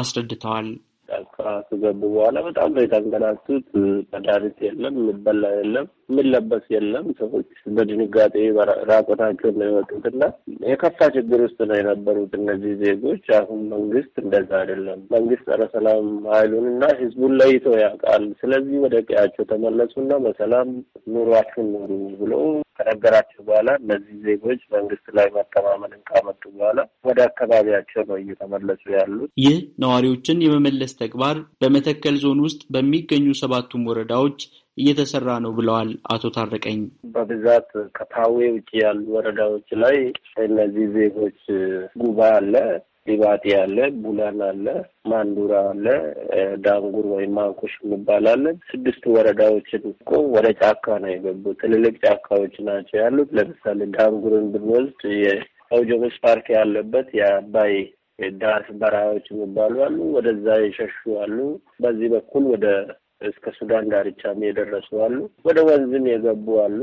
አስረድተዋል። ጫካ ከገቡ በኋላ በጣም ነው የተንገላቱት። መድኃኒት የለም፣ የሚበላ የለም የምንለበስ የለም። ሰዎች በድንጋጤ ራቆታቸውን ነው የከፋ ችግር ውስጥ ነው የነበሩት እነዚህ ዜጎች። አሁን መንግስት እንደዛ አይደለም። መንግስት ጸረ ሰላም እና ህዝቡን ለይቶ ያውቃል። ስለዚህ ወደ ቀያቸው ተመለሱና በሰላም ኑሯችሁን ኑሩ ብሎ ከነገራቸው በኋላ እነዚህ ዜጎች መንግስት ላይ መተማመንን ካመጡ በኋላ ወደ አካባቢያቸው ነው እየተመለሱ ያሉት። ይህ ነዋሪዎችን የመመለስ ተግባር በመተከል ዞን ውስጥ በሚገኙ ሰባቱም ወረዳዎች እየተሰራ ነው ብለዋል አቶ ታረቀኝ። በብዛት ከፓዌ ውጭ ያሉ ወረዳዎች ላይ እነዚህ ዜጎች ጉባ አለ፣ ሊባጢ አለ፣ ቡላን አለ፣ ማንዱራ አለ፣ ዳንጉር ወይም ማንኩሽ እንባላለን። ስድስት ወረዳዎችን እኮ ወደ ጫካ ነው የገቡ ትልልቅ ጫካዎች ናቸው ያሉት። ለምሳሌ ዳንጉርን ብንወስድ የአውጆብስ ፓርክ ያለበት የአባይ ዳስ በረሃዎች የሚባሉ አሉ። ወደዛ የሸሹ አሉ። በዚህ በኩል ወደ እስከ ሱዳን ዳርቻም የደረሱ አሉ። ወደ ወንዝም የገቡ አሉ።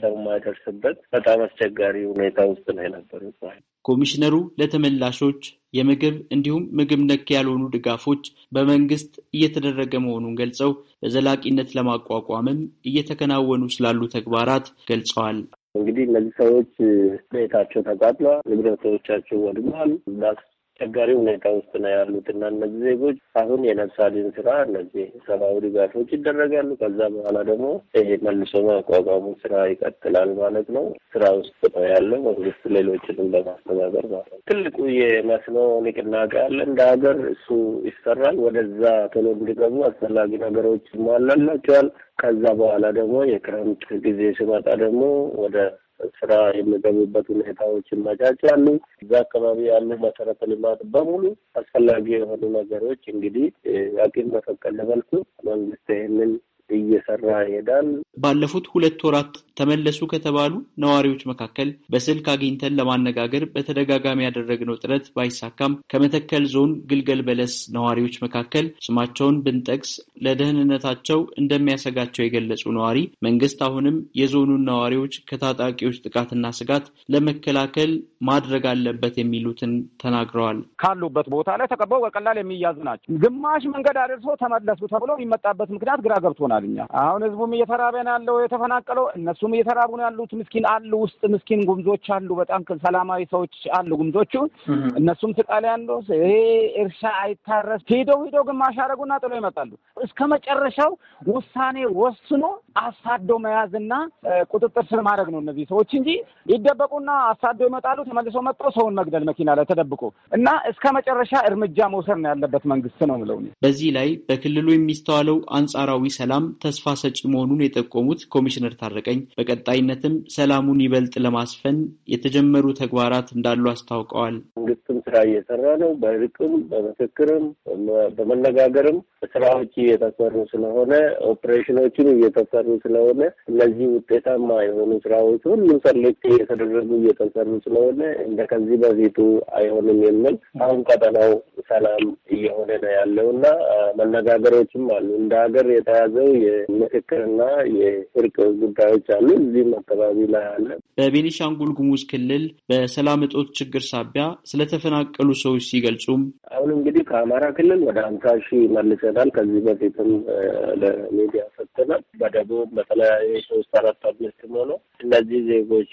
ሰው ማይደርስበት በጣም አስቸጋሪ ሁኔታ ውስጥ ነው የነበሩት። ኮሚሽነሩ ለተመላሾች የምግብ እንዲሁም ምግብ ነክ ያልሆኑ ድጋፎች በመንግስት እየተደረገ መሆኑን ገልጸው በዘላቂነት ለማቋቋምም እየተከናወኑ ስላሉ ተግባራት ገልጸዋል። እንግዲህ እነዚህ ሰዎች ቤታቸው ተቃጥሏል፣ ንብረቶቻቸው ወድሟል፣ አስቸጋሪ ሁኔታ ውስጥ ነው ያሉት እና እነዚህ ዜጎች አሁን የነፍስ አድን ስራ እነዚህ ሰብአዊ ድጋፎች ይደረጋሉ። ከዛ በኋላ ደግሞ ይሄ መልሶ ማቋቋሙ ስራ ይቀጥላል ማለት ነው። ስራ ውስጥ ነው ያለው መንግስት ሌሎችንም ለማስተባበር ማለት ነው። ትልቁ የመስኖ ንቅናቄ አለ እንደ ሀገር እሱ ይሰራል። ወደዛ ቶሎ እንዲገቡ አስፈላጊ ነገሮች ይሟላላቸዋል። ከዛ በኋላ ደግሞ የክረምት ጊዜ ሲመጣ ደግሞ ወደ ስራ የሚገቡበት ሁኔታዎች ይመቻቻሉ። እዛ አካባቢ ያሉ መሰረተ ልማት በሙሉ አስፈላጊ የሆኑ ነገሮች እንግዲህ አቅም በፈቀደ መልኩ መንግስት ይህንን እየሰራ ይሄዳል። ባለፉት ሁለት ወራት ተመለሱ ከተባሉ ነዋሪዎች መካከል በስልክ አግኝተን ለማነጋገር በተደጋጋሚ ያደረግነው ጥረት ባይሳካም ከመተከል ዞን ግልገል በለስ ነዋሪዎች መካከል ስማቸውን ብንጠቅስ ለደህንነታቸው እንደሚያሰጋቸው የገለጹ ነዋሪ መንግስት አሁንም የዞኑን ነዋሪዎች ከታጣቂዎች ጥቃትና ስጋት ለመከላከል ማድረግ አለበት የሚሉትን ተናግረዋል። ካሉበት ቦታ ላይ ተቀበው በቀላል የሚያዙ ናቸው። ግማሽ መንገድ አደርሶ ተመለሱ ተብሎ የሚመጣበት ምክንያት ግራ ገብቶናል። እኛ አሁን ህዝቡም እየተራበ ያለው የተፈናቀለው፣ እነሱም እየተራቡ ነው ያሉት። ምስኪን አሉ፣ ውስጥ ምስኪን ጉምዞች አሉ፣ በጣም ሰላማዊ ሰዎች አሉ ጉምዞቹ። እነሱም ስቃል ያለ ይሄ እርሻ አይታረስ ሂደው ሂደው ግማሽ ያደረጉና ጥሎ ይመጣሉ። እስከ መጨረሻው ውሳኔ ወስኖ አሳዶ መያዝና ቁጥጥር ስር ማድረግ ነው እነዚህ ሰዎች እንጂ ይደበቁና አሳዶ ይመጣሉ። ተመልሶ መጥቶ ሰውን መግደል መኪና ላይ ተደብቆ እና እስከ መጨረሻ እርምጃ መውሰድ ነው ያለበት መንግስት ነው ምለው። በዚህ ላይ በክልሉ የሚስተዋለው አንጻራዊ ሰላም ተስፋ ሰጪ መሆኑን የጠቁ የጠቆሙት ኮሚሽነር ታረቀኝ በቀጣይነትም ሰላሙን ይበልጥ ለማስፈን የተጀመሩ ተግባራት እንዳሉ አስታውቀዋል። መንግስትም ስራ እየሰራ ነው። በእርቅም፣ በምክክርም፣ በመነጋገርም ስራዎች እየተሰሩ ስለሆነ ኦፕሬሽኖችን እየተሰሩ ስለሆነ እነዚህ ውጤታማ የሆኑ ስራዎች ሁሉ ሰሌክት እየተደረጉ እየተሰሩ ስለሆነ እንደ ከዚህ በፊቱ አይሆንም የሚል አሁን ቀጠናው ሰላም እየሆነ ነው ያለው እና መነጋገሮችም አሉ እንደ ሀገር የተያዘው የምክክርና የ የእርቅ ጉዳዮች አሉ። እዚህም አካባቢ ላይ አለ። በቤኒሻንጉል ጉሙዝ ክልል በሰላም እጦት ችግር ሳቢያ ስለተፈናቀሉ ሰዎች ሲገልጹም አሁን እንግዲህ ከአማራ ክልል ወደ ሀምሳ ሺህ መልሰናል። ከዚህ በፊትም ለሚዲያ ሰጥተናል። በደቡብ በተለያዩ ሶስት አራት አምስትም ሆኖ እነዚህ ዜጎች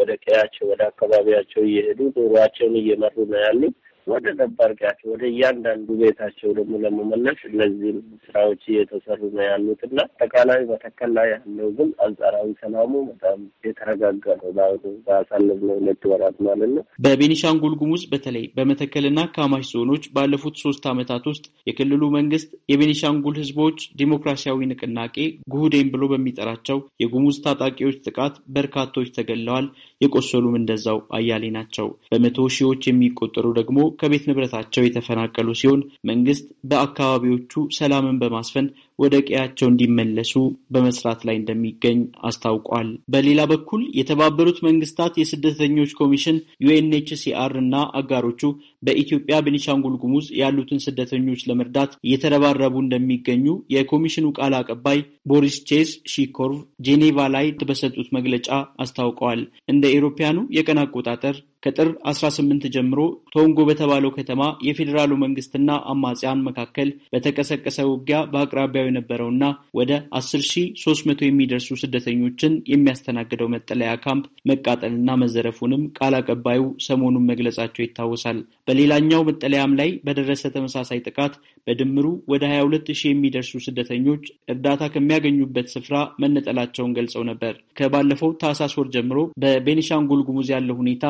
ወደ ቀያቸው ወደ አካባቢያቸው እየሄዱ ኑሯቸውን እየመሩ ነው ያሉት። ወደ ነባርቂያቸው ወደ እያንዳንዱ ቤታቸው ደግሞ ለመመለስ እነዚህም ስራዎች እየተሰሩ ነው ያሉት እና አጠቃላይ መተከል ላይ ያለው ግን አንጻራዊ ሰላሙ በጣም የተረጋጋ ነው። በአሁኑ በአሳለፍነው ሁለት ወራት ማለት ነው። በቤኒሻንጉል ጉሙዝ በተለይ በመተከልና ካማሽ ዞኖች ባለፉት ሶስት ዓመታት ውስጥ የክልሉ መንግስት የቤኒሻንጉል ህዝቦች ዲሞክራሲያዊ ንቅናቄ ጉህዴን ብሎ በሚጠራቸው የጉሙዝ ታጣቂዎች ጥቃት በርካቶች ተገለዋል። የቆሰሉም እንደዛው አያሌ ናቸው። በመቶ ሺዎች የሚቆጠሩ ደግሞ ከቤት ንብረታቸው የተፈናቀሉ ሲሆን መንግስት በአካባቢዎቹ ሰላምን በማስፈን ወደ ቀያቸው እንዲመለሱ በመስራት ላይ እንደሚገኝ አስታውቋል። በሌላ በኩል የተባበሩት መንግስታት የስደተኞች ኮሚሽን ዩኤንኤችሲአር እና አጋሮቹ በኢትዮጵያ ቤኒሻንጉል ጉሙዝ ያሉትን ስደተኞች ለመርዳት እየተረባረቡ እንደሚገኙ የኮሚሽኑ ቃል አቀባይ ቦሪስ ቼስ ሺኮርቭ ጄኔቫ ላይ በሰጡት መግለጫ አስታውቀዋል። እንደ ኤሮፓያኑ የቀን አቆጣጠር ከጥር 18 ጀምሮ ቶንጎ በተባለው ከተማ የፌዴራሉ መንግስትና አማጽያን መካከል በተቀሰቀሰ ውጊያ በአቅራቢያው የነበረውና ወደ 10300 የሚደርሱ ስደተኞችን የሚያስተናግደው መጠለያ ካምፕ መቃጠልና መዘረፉንም ቃል አቀባዩ ሰሞኑን መግለጻቸው ይታወሳል። በሌላኛው መጠለያም ላይ በደረሰ ተመሳሳይ ጥቃት በድምሩ ወደ 22 የሚደርሱ ስደተኞች እርዳታ ከሚያገኙበት ስፍራ መነጠላቸውን ገልጸው ነበር። ከባለፈው ታህሳስ ወር ጀምሮ በቤኒሻንጉል ጉሙዝ ያለው ሁኔታ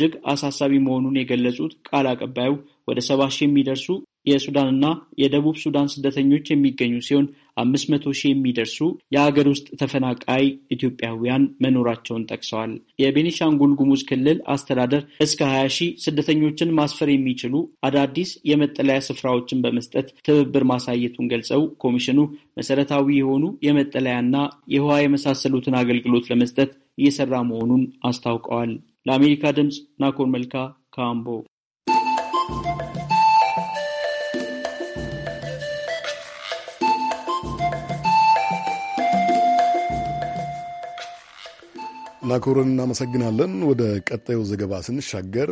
እጅግ አሳሳቢ መሆኑን የገለጹት ቃል አቀባዩ ወደ ሰባ ሺህ የሚደርሱ የሱዳንና የደቡብ ሱዳን ስደተኞች የሚገኙ ሲሆን አምስት መቶ ሺህ የሚደርሱ የአገር ውስጥ ተፈናቃይ ኢትዮጵያውያን መኖራቸውን ጠቅሰዋል። የቤኒሻንጉል ጉሙዝ ክልል አስተዳደር እስከ ሀያ ሺህ ስደተኞችን ማስፈር የሚችሉ አዳዲስ የመጠለያ ስፍራዎችን በመስጠት ትብብር ማሳየቱን ገልጸው ኮሚሽኑ መሰረታዊ የሆኑ የመጠለያና የውሃ የመሳሰሉትን አገልግሎት ለመስጠት እየሰራ መሆኑን አስታውቀዋል። ለአሜሪካ ድምፅ ናኮር መልካ ካምቦ ናኮርን እናመሰግናለን። ወደ ቀጣዩ ዘገባ ስንሻገር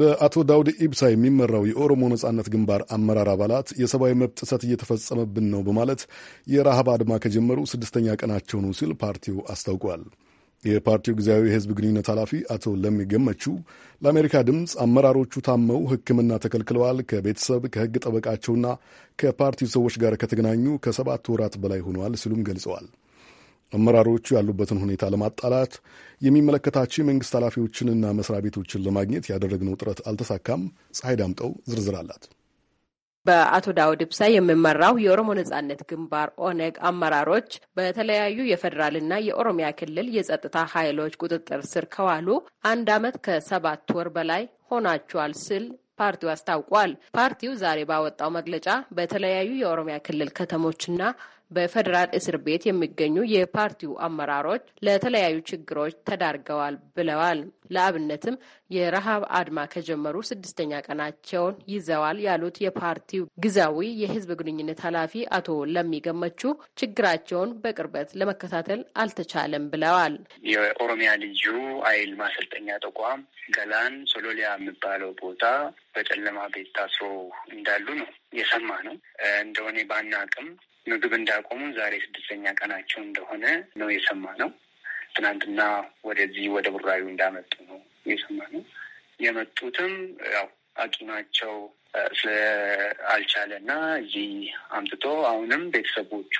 በአቶ ዳውድ ኢብሳ የሚመራው የኦሮሞ ነጻነት ግንባር አመራር አባላት የሰብአዊ መብት ጥሰት እየተፈጸመብን ነው በማለት የረሃብ አድማ ከጀመሩ ስድስተኛ ቀናቸው ነው ሲል ፓርቲው አስታውቋል። የፓርቲው ጊዜያዊ የህዝብ ግንኙነት ኃላፊ አቶ ለሚ ገመቹ ለአሜሪካ ድምፅ አመራሮቹ ታመው ሕክምና ተከልክለዋል፣ ከቤተሰብ ከህግ ጠበቃቸውና ከፓርቲው ሰዎች ጋር ከተገናኙ ከሰባት ወራት በላይ ሆነዋል ሲሉም ገልጸዋል። አመራሮቹ ያሉበትን ሁኔታ ለማጣላት የሚመለከታቸው የመንግሥት ኃላፊዎችንና መስሪያ ቤቶችን ለማግኘት ያደረግነው ጥረት አልተሳካም። ፀሐይ ዳምጠው ዝርዝር አላት። በአቶ ዳውድ ብሳ የሚመራው የኦሮሞ ነጻነት ግንባር ኦነግ አመራሮች በተለያዩ የፌዴራልና የኦሮሚያ ክልል የጸጥታ ኃይሎች ቁጥጥር ስር ከዋሉ አንድ ዓመት ከሰባት ወር በላይ ሆናቸዋል ስል ፓርቲው አስታውቋል። ፓርቲው ዛሬ ባወጣው መግለጫ በተለያዩ የኦሮሚያ ክልል ከተሞችና በፌዴራል እስር ቤት የሚገኙ የፓርቲው አመራሮች ለተለያዩ ችግሮች ተዳርገዋል ብለዋል። ለአብነትም የረሃብ አድማ ከጀመሩ ስድስተኛ ቀናቸውን ይዘዋል ያሉት የፓርቲው ጊዜያዊ የህዝብ ግንኙነት ኃላፊ አቶ ለሚገመቹ ችግራቸውን በቅርበት ለመከታተል አልተቻለም ብለዋል። የኦሮሚያ ልዩ ኃይል ማሰልጠኛ ተቋም ገላን ሶሎሊያ የሚባለው ቦታ በጨለማ ቤት ታስሮ እንዳሉ ነው የሰማ ነው እንደሆነ ባናቅም ምግብ እንዳቆሙ ዛሬ ስድስተኛ ቀናቸው እንደሆነ ነው የሰማ ነው። ትናንትና ወደዚህ ወደ ቡራዩ እንዳመጡ ነው የሰማ ነው። የመጡትም ያው አቂማቸው ስለአልቻለ እና እዚህ አምጥቶ አሁንም ቤተሰቦቹ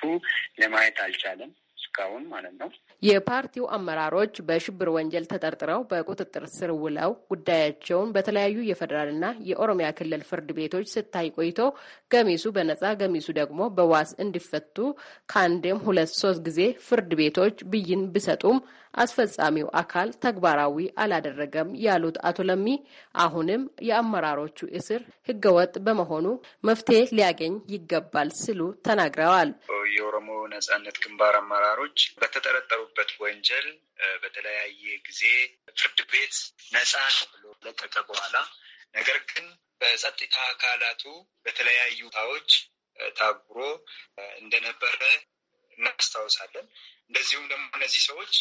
ለማየት አልቻለም። እስካሁን ማለት ነው። የፓርቲው አመራሮች በሽብር ወንጀል ተጠርጥረው በቁጥጥር ስር ውለው ጉዳያቸውን በተለያዩ የፌዴራልና የኦሮሚያ ክልል ፍርድ ቤቶች ስታይ ቆይቶ ገሚሱ በነጻ ገሚሱ ደግሞ በዋስ እንዲፈቱ ከአንዴም ሁለት ሶስት ጊዜ ፍርድ ቤቶች ብይን ቢሰጡም አስፈጻሚው አካል ተግባራዊ አላደረገም ያሉት አቶ ለሚ አሁንም የአመራሮቹ እስር ህገወጥ በመሆኑ መፍትሄ ሊያገኝ ይገባል ሲሉ ተናግረዋል። የኦሮሞ ነጻነት ግንባር አመራሮች ሰዎች በተጠረጠሩበት ወንጀል በተለያየ ጊዜ ፍርድ ቤት ነፃ ነው ብሎ ለቀቀ በኋላ ነገር ግን በጸጥታ አካላቱ በተለያዩ ታዎች ታጉሮ እንደነበረ እናስታውሳለን። እንደዚሁም ደግሞ እነዚህ ሰዎች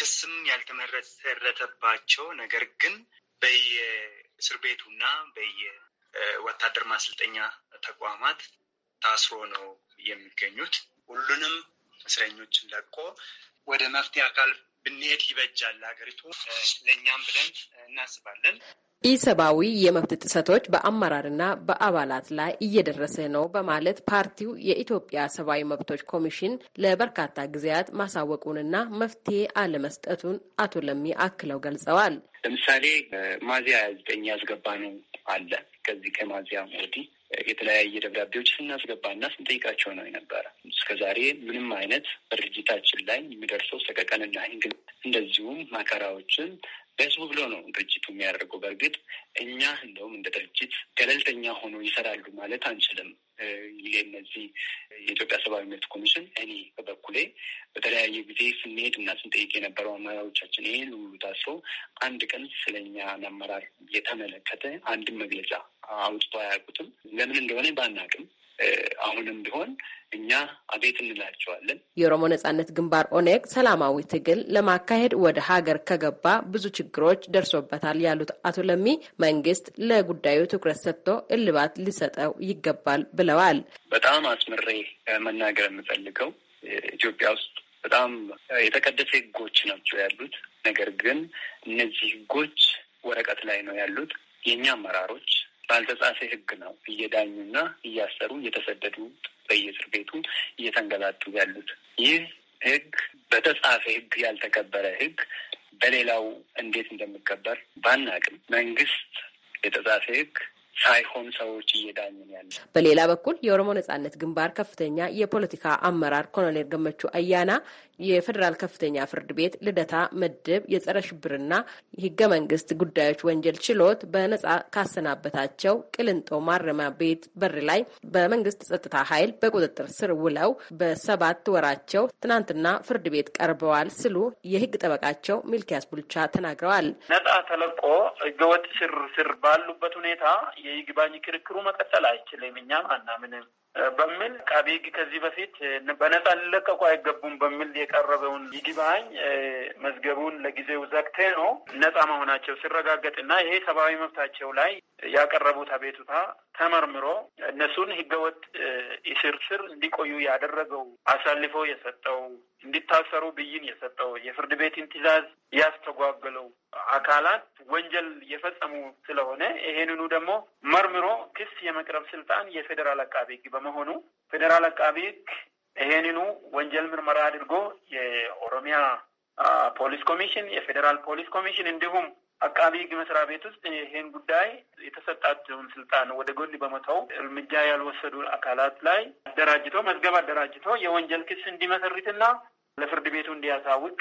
ክስም ያልተመረተባቸው ነገር ግን በየእስር ቤቱና በየወታደር ማሰልጠኛ ተቋማት ታስሮ ነው የሚገኙት። ሁሉንም እስረኞችን ለቆ ወደ መፍትሄ አካል ብንሄድ ይበጃል ለሀገሪቱ ለእኛም ብለን እናስባለን። ኢሰብአዊ የመብት ጥሰቶች በአመራርና በአባላት ላይ እየደረሰ ነው በማለት ፓርቲው የኢትዮጵያ ሰብአዊ መብቶች ኮሚሽን ለበርካታ ጊዜያት ማሳወቁንና መፍትሄ አለመስጠቱን አቶ ለሚ አክለው ገልጸዋል። ለምሳሌ ማዚያ ዘጠኝ ያስገባ ነው አለ ከዚህ ከማዚያ ወዲህ የተለያየ ደብዳቤዎች ስናስገባና ስንጠይቃቸው ነው የነበረ። ዛሬ ምንም አይነት በድርጅታችን ላይ የሚደርሰው ሰቀቀንና እንግል እንደዚሁም ማከራዎችን በህዝቡ ብሎ ነው ድርጅቱ የሚያደርገው። በእርግጥ እኛ እንደውም እንደ ድርጅት ገለልተኛ ሆኖ ይሰራሉ ማለት አንችልም። የነዚህ የኢትዮጵያ ሰብአዊ መብት ኮሚሽን እኔ በበኩሌ በተለያየ ጊዜ ስንሄድ እና ስንጠይቅ የነበረው አመራሮቻችን ይህን ሁሉ ታስሮ አንድ ቀን ስለኛ አመራር የተመለከተ አንድም መግለጫ አውጥቶ አያውቁትም። ለምን እንደሆነ ባናቅም አሁንም ቢሆን እኛ አቤት እንላቸዋለን። የኦሮሞ ነጻነት ግንባር ኦኔግ ሰላማዊ ትግል ለማካሄድ ወደ ሀገር ከገባ ብዙ ችግሮች ደርሶበታል ያሉት አቶ ለሚ መንግስት ለጉዳዩ ትኩረት ሰጥቶ እልባት ሊሰጠው ይገባል ብለዋል። በጣም አስምሬ መናገር የምፈልገው ኢትዮጵያ ውስጥ በጣም የተቀደሰ ህጎች ናቸው ያሉት። ነገር ግን እነዚህ ህጎች ወረቀት ላይ ነው ያሉት። የእኛ አመራሮች ባልተጻፈ ህግ ነው እየዳኙና እያሰሩ እየተሰደዱ በየእስር ቤቱ እየተንገላቱ ያሉት። ይህ ህግ በተጻፈ ህግ ያልተከበረ ህግ በሌላው እንዴት እንደሚከበር ባናቅም መንግስት የተጻፈ ህግ ሳይሆን ሰዎች እየዳኙ ያለ። በሌላ በኩል የኦሮሞ ነጻነት ግንባር ከፍተኛ የፖለቲካ አመራር ኮሎኔል ገመቹ አያና የፌዴራል ከፍተኛ ፍርድ ቤት ልደታ ምድብ የጸረ ሽብርና ህገ መንግስት ጉዳዮች ወንጀል ችሎት በነጻ ካሰናበታቸው ቅልንጦ ማረሚያ ቤት በር ላይ በመንግስት ጸጥታ ኃይል በቁጥጥር ስር ውለው በሰባት ወራቸው ትናንትና ፍርድ ቤት ቀርበዋል ሲሉ የህግ ጠበቃቸው ሚልኪያስ ቡልቻ ተናግረዋል። ነጻ ተለቆ ህገወጥ ስር ስር ባሉበት ሁኔታ የይግባኝ ክርክሩ መቀጠል አይችልም። እኛም አናምንም። በሚል አቃቤ ሕግ ከዚህ በፊት በነጻ ሊለቀቁ አይገቡም በሚል የቀረበውን ይግባኝ መዝገቡን ለጊዜው ዘግቴ ነው ነጻ መሆናቸው ሲረጋገጥ እና ይሄ ሰብአዊ መብታቸው ላይ ያቀረቡት አቤቱታ ተመርምሮ እነሱን ህገወጥ እስር ስር እንዲቆዩ ያደረገው አሳልፎ የሰጠው እንዲታሰሩ ብይን የሰጠው የፍርድ ቤትን ትዕዛዝ ያስተጓገለው አካላት ወንጀል የፈጸሙ ስለሆነ ይሄንኑ ደግሞ መርምሮ ክስ የመቅረብ ስልጣን የፌዴራል አቃቢ ሕግ በመሆኑ ፌዴራል አቃቢ ሕግ ይሄንኑ ወንጀል ምርመራ አድርጎ የኦሮሚያ ፖሊስ ኮሚሽን፣ የፌዴራል ፖሊስ ኮሚሽን እንዲሁም አቃቢ ሕግ መስሪያ ቤት ውስጥ ይሄን ጉዳይ የተሰጣቸውን ስልጣን ወደ ጎን በመተው እርምጃ ያልወሰዱ አካላት ላይ አደራጅቶ መዝገብ አደራጅቶ የወንጀል ክስ እንዲመሰርትና ለፍርድ ቤቱ እንዲያሳውቅ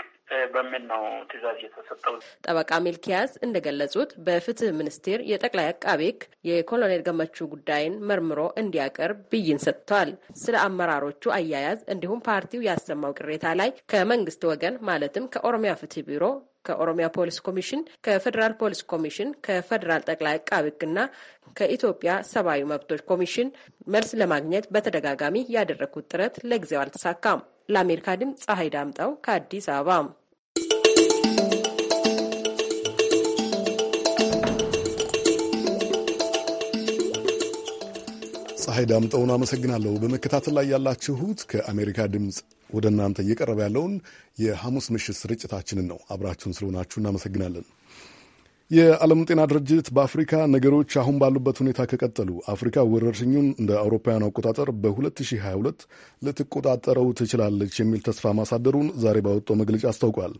በሚል ነው ትዕዛዝ የተሰጠው። ጠበቃ ሚልኪያስ እንደገለጹት በፍትህ ሚኒስቴር የጠቅላይ አቃቤ ሕግ የኮሎኔል ገመቹ ጉዳይን መርምሮ እንዲያቀርብ ብይን ሰጥቷል። ስለ አመራሮቹ አያያዝ እንዲሁም ፓርቲው ያሰማው ቅሬታ ላይ ከመንግስት ወገን ማለትም ከኦሮሚያ ፍትህ ቢሮ ከኦሮሚያ ፖሊስ ኮሚሽን፣ ከፌዴራል ፖሊስ ኮሚሽን፣ ከፌዴራል ጠቅላይ አቃቤ ሕግና ከኢትዮጵያ ሰብአዊ መብቶች ኮሚሽን መልስ ለማግኘት በተደጋጋሚ ያደረግኩት ጥረት ለጊዜው አልተሳካም። ለአሜሪካ ድምፅ ፀሐይ ዳምጠው ከአዲስ አበባ ፀሐይ ዳምጠውን አመሰግናለሁ። በመከታተል ላይ ያላችሁት ከአሜሪካ ድምፅ ወደ እናንተ እየቀረበ ያለውን የሐሙስ ምሽት ስርጭታችንን ነው። አብራችሁን ስለሆናችሁ እናመሰግናለን። የዓለም ጤና ድርጅት በአፍሪካ ነገሮች አሁን ባሉበት ሁኔታ ከቀጠሉ አፍሪካ ወረርሽኙን እንደ አውሮፓውያን አቆጣጠር በ2022 ልትቆጣጠረው ትችላለች የሚል ተስፋ ማሳደሩን ዛሬ ባወጣው መግለጫ አስታውቋል።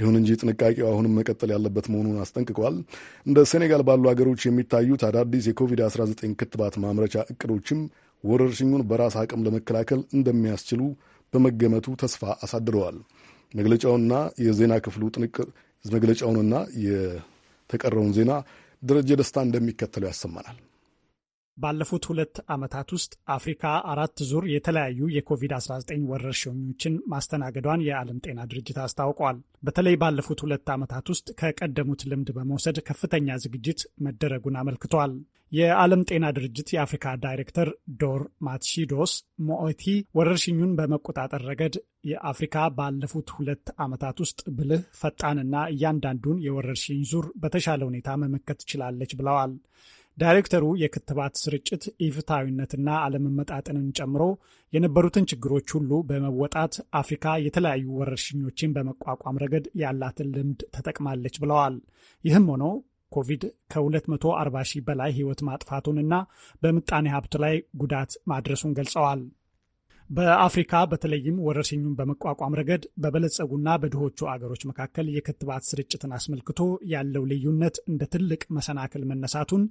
ይሁን እንጂ ጥንቃቄው አሁንም መቀጠል ያለበት መሆኑን አስጠንቅቋል። እንደ ሴኔጋል ባሉ ሀገሮች የሚታዩት አዳዲስ የኮቪድ-19 ክትባት ማምረቻ እቅዶችም ወረርሽኙን በራስ አቅም ለመከላከል እንደሚያስችሉ በመገመቱ ተስፋ አሳድረዋል። መግለጫውና የዜና ክፍሉ ጥንቅር መግለጫውንና የተቀረውን ዜና ደረጀ ደስታ እንደሚከተለው ያሰማናል። ባለፉት ሁለት ዓመታት ውስጥ አፍሪካ አራት ዙር የተለያዩ የኮቪድ-19 ወረርሽኞችን ማስተናገዷን የዓለም ጤና ድርጅት አስታውቋል። በተለይ ባለፉት ሁለት ዓመታት ውስጥ ከቀደሙት ልምድ በመውሰድ ከፍተኛ ዝግጅት መደረጉን አመልክቷል። የዓለም ጤና ድርጅት የአፍሪካ ዳይሬክተር ዶር ማትሺዶስ ሞኦቲ ወረርሽኙን በመቆጣጠር ረገድ የአፍሪካ ባለፉት ሁለት ዓመታት ውስጥ ብልህ፣ ፈጣንና እያንዳንዱን የወረርሽኝ ዙር በተሻለ ሁኔታ መመከት ችላለች ብለዋል። ዳይሬክተሩ የክትባት ስርጭት ኢፍትሐዊነትና አለመመጣጠንን ጨምሮ የነበሩትን ችግሮች ሁሉ በመወጣት አፍሪካ የተለያዩ ወረርሽኞችን በመቋቋም ረገድ ያላትን ልምድ ተጠቅማለች ብለዋል። ይህም ሆኖ ኮቪድ ከ240 ሺህ በላይ ሕይወት ማጥፋቱንና በምጣኔ ሀብት ላይ ጉዳት ማድረሱን ገልጸዋል። በአፍሪካ በተለይም ወረርሽኙን በመቋቋም ረገድ በበለጸጉና በድሆቹ አገሮች መካከል የክትባት ስርጭትን አስመልክቶ ያለው ልዩነት እንደ ትልቅ መሰናክል መነሳቱን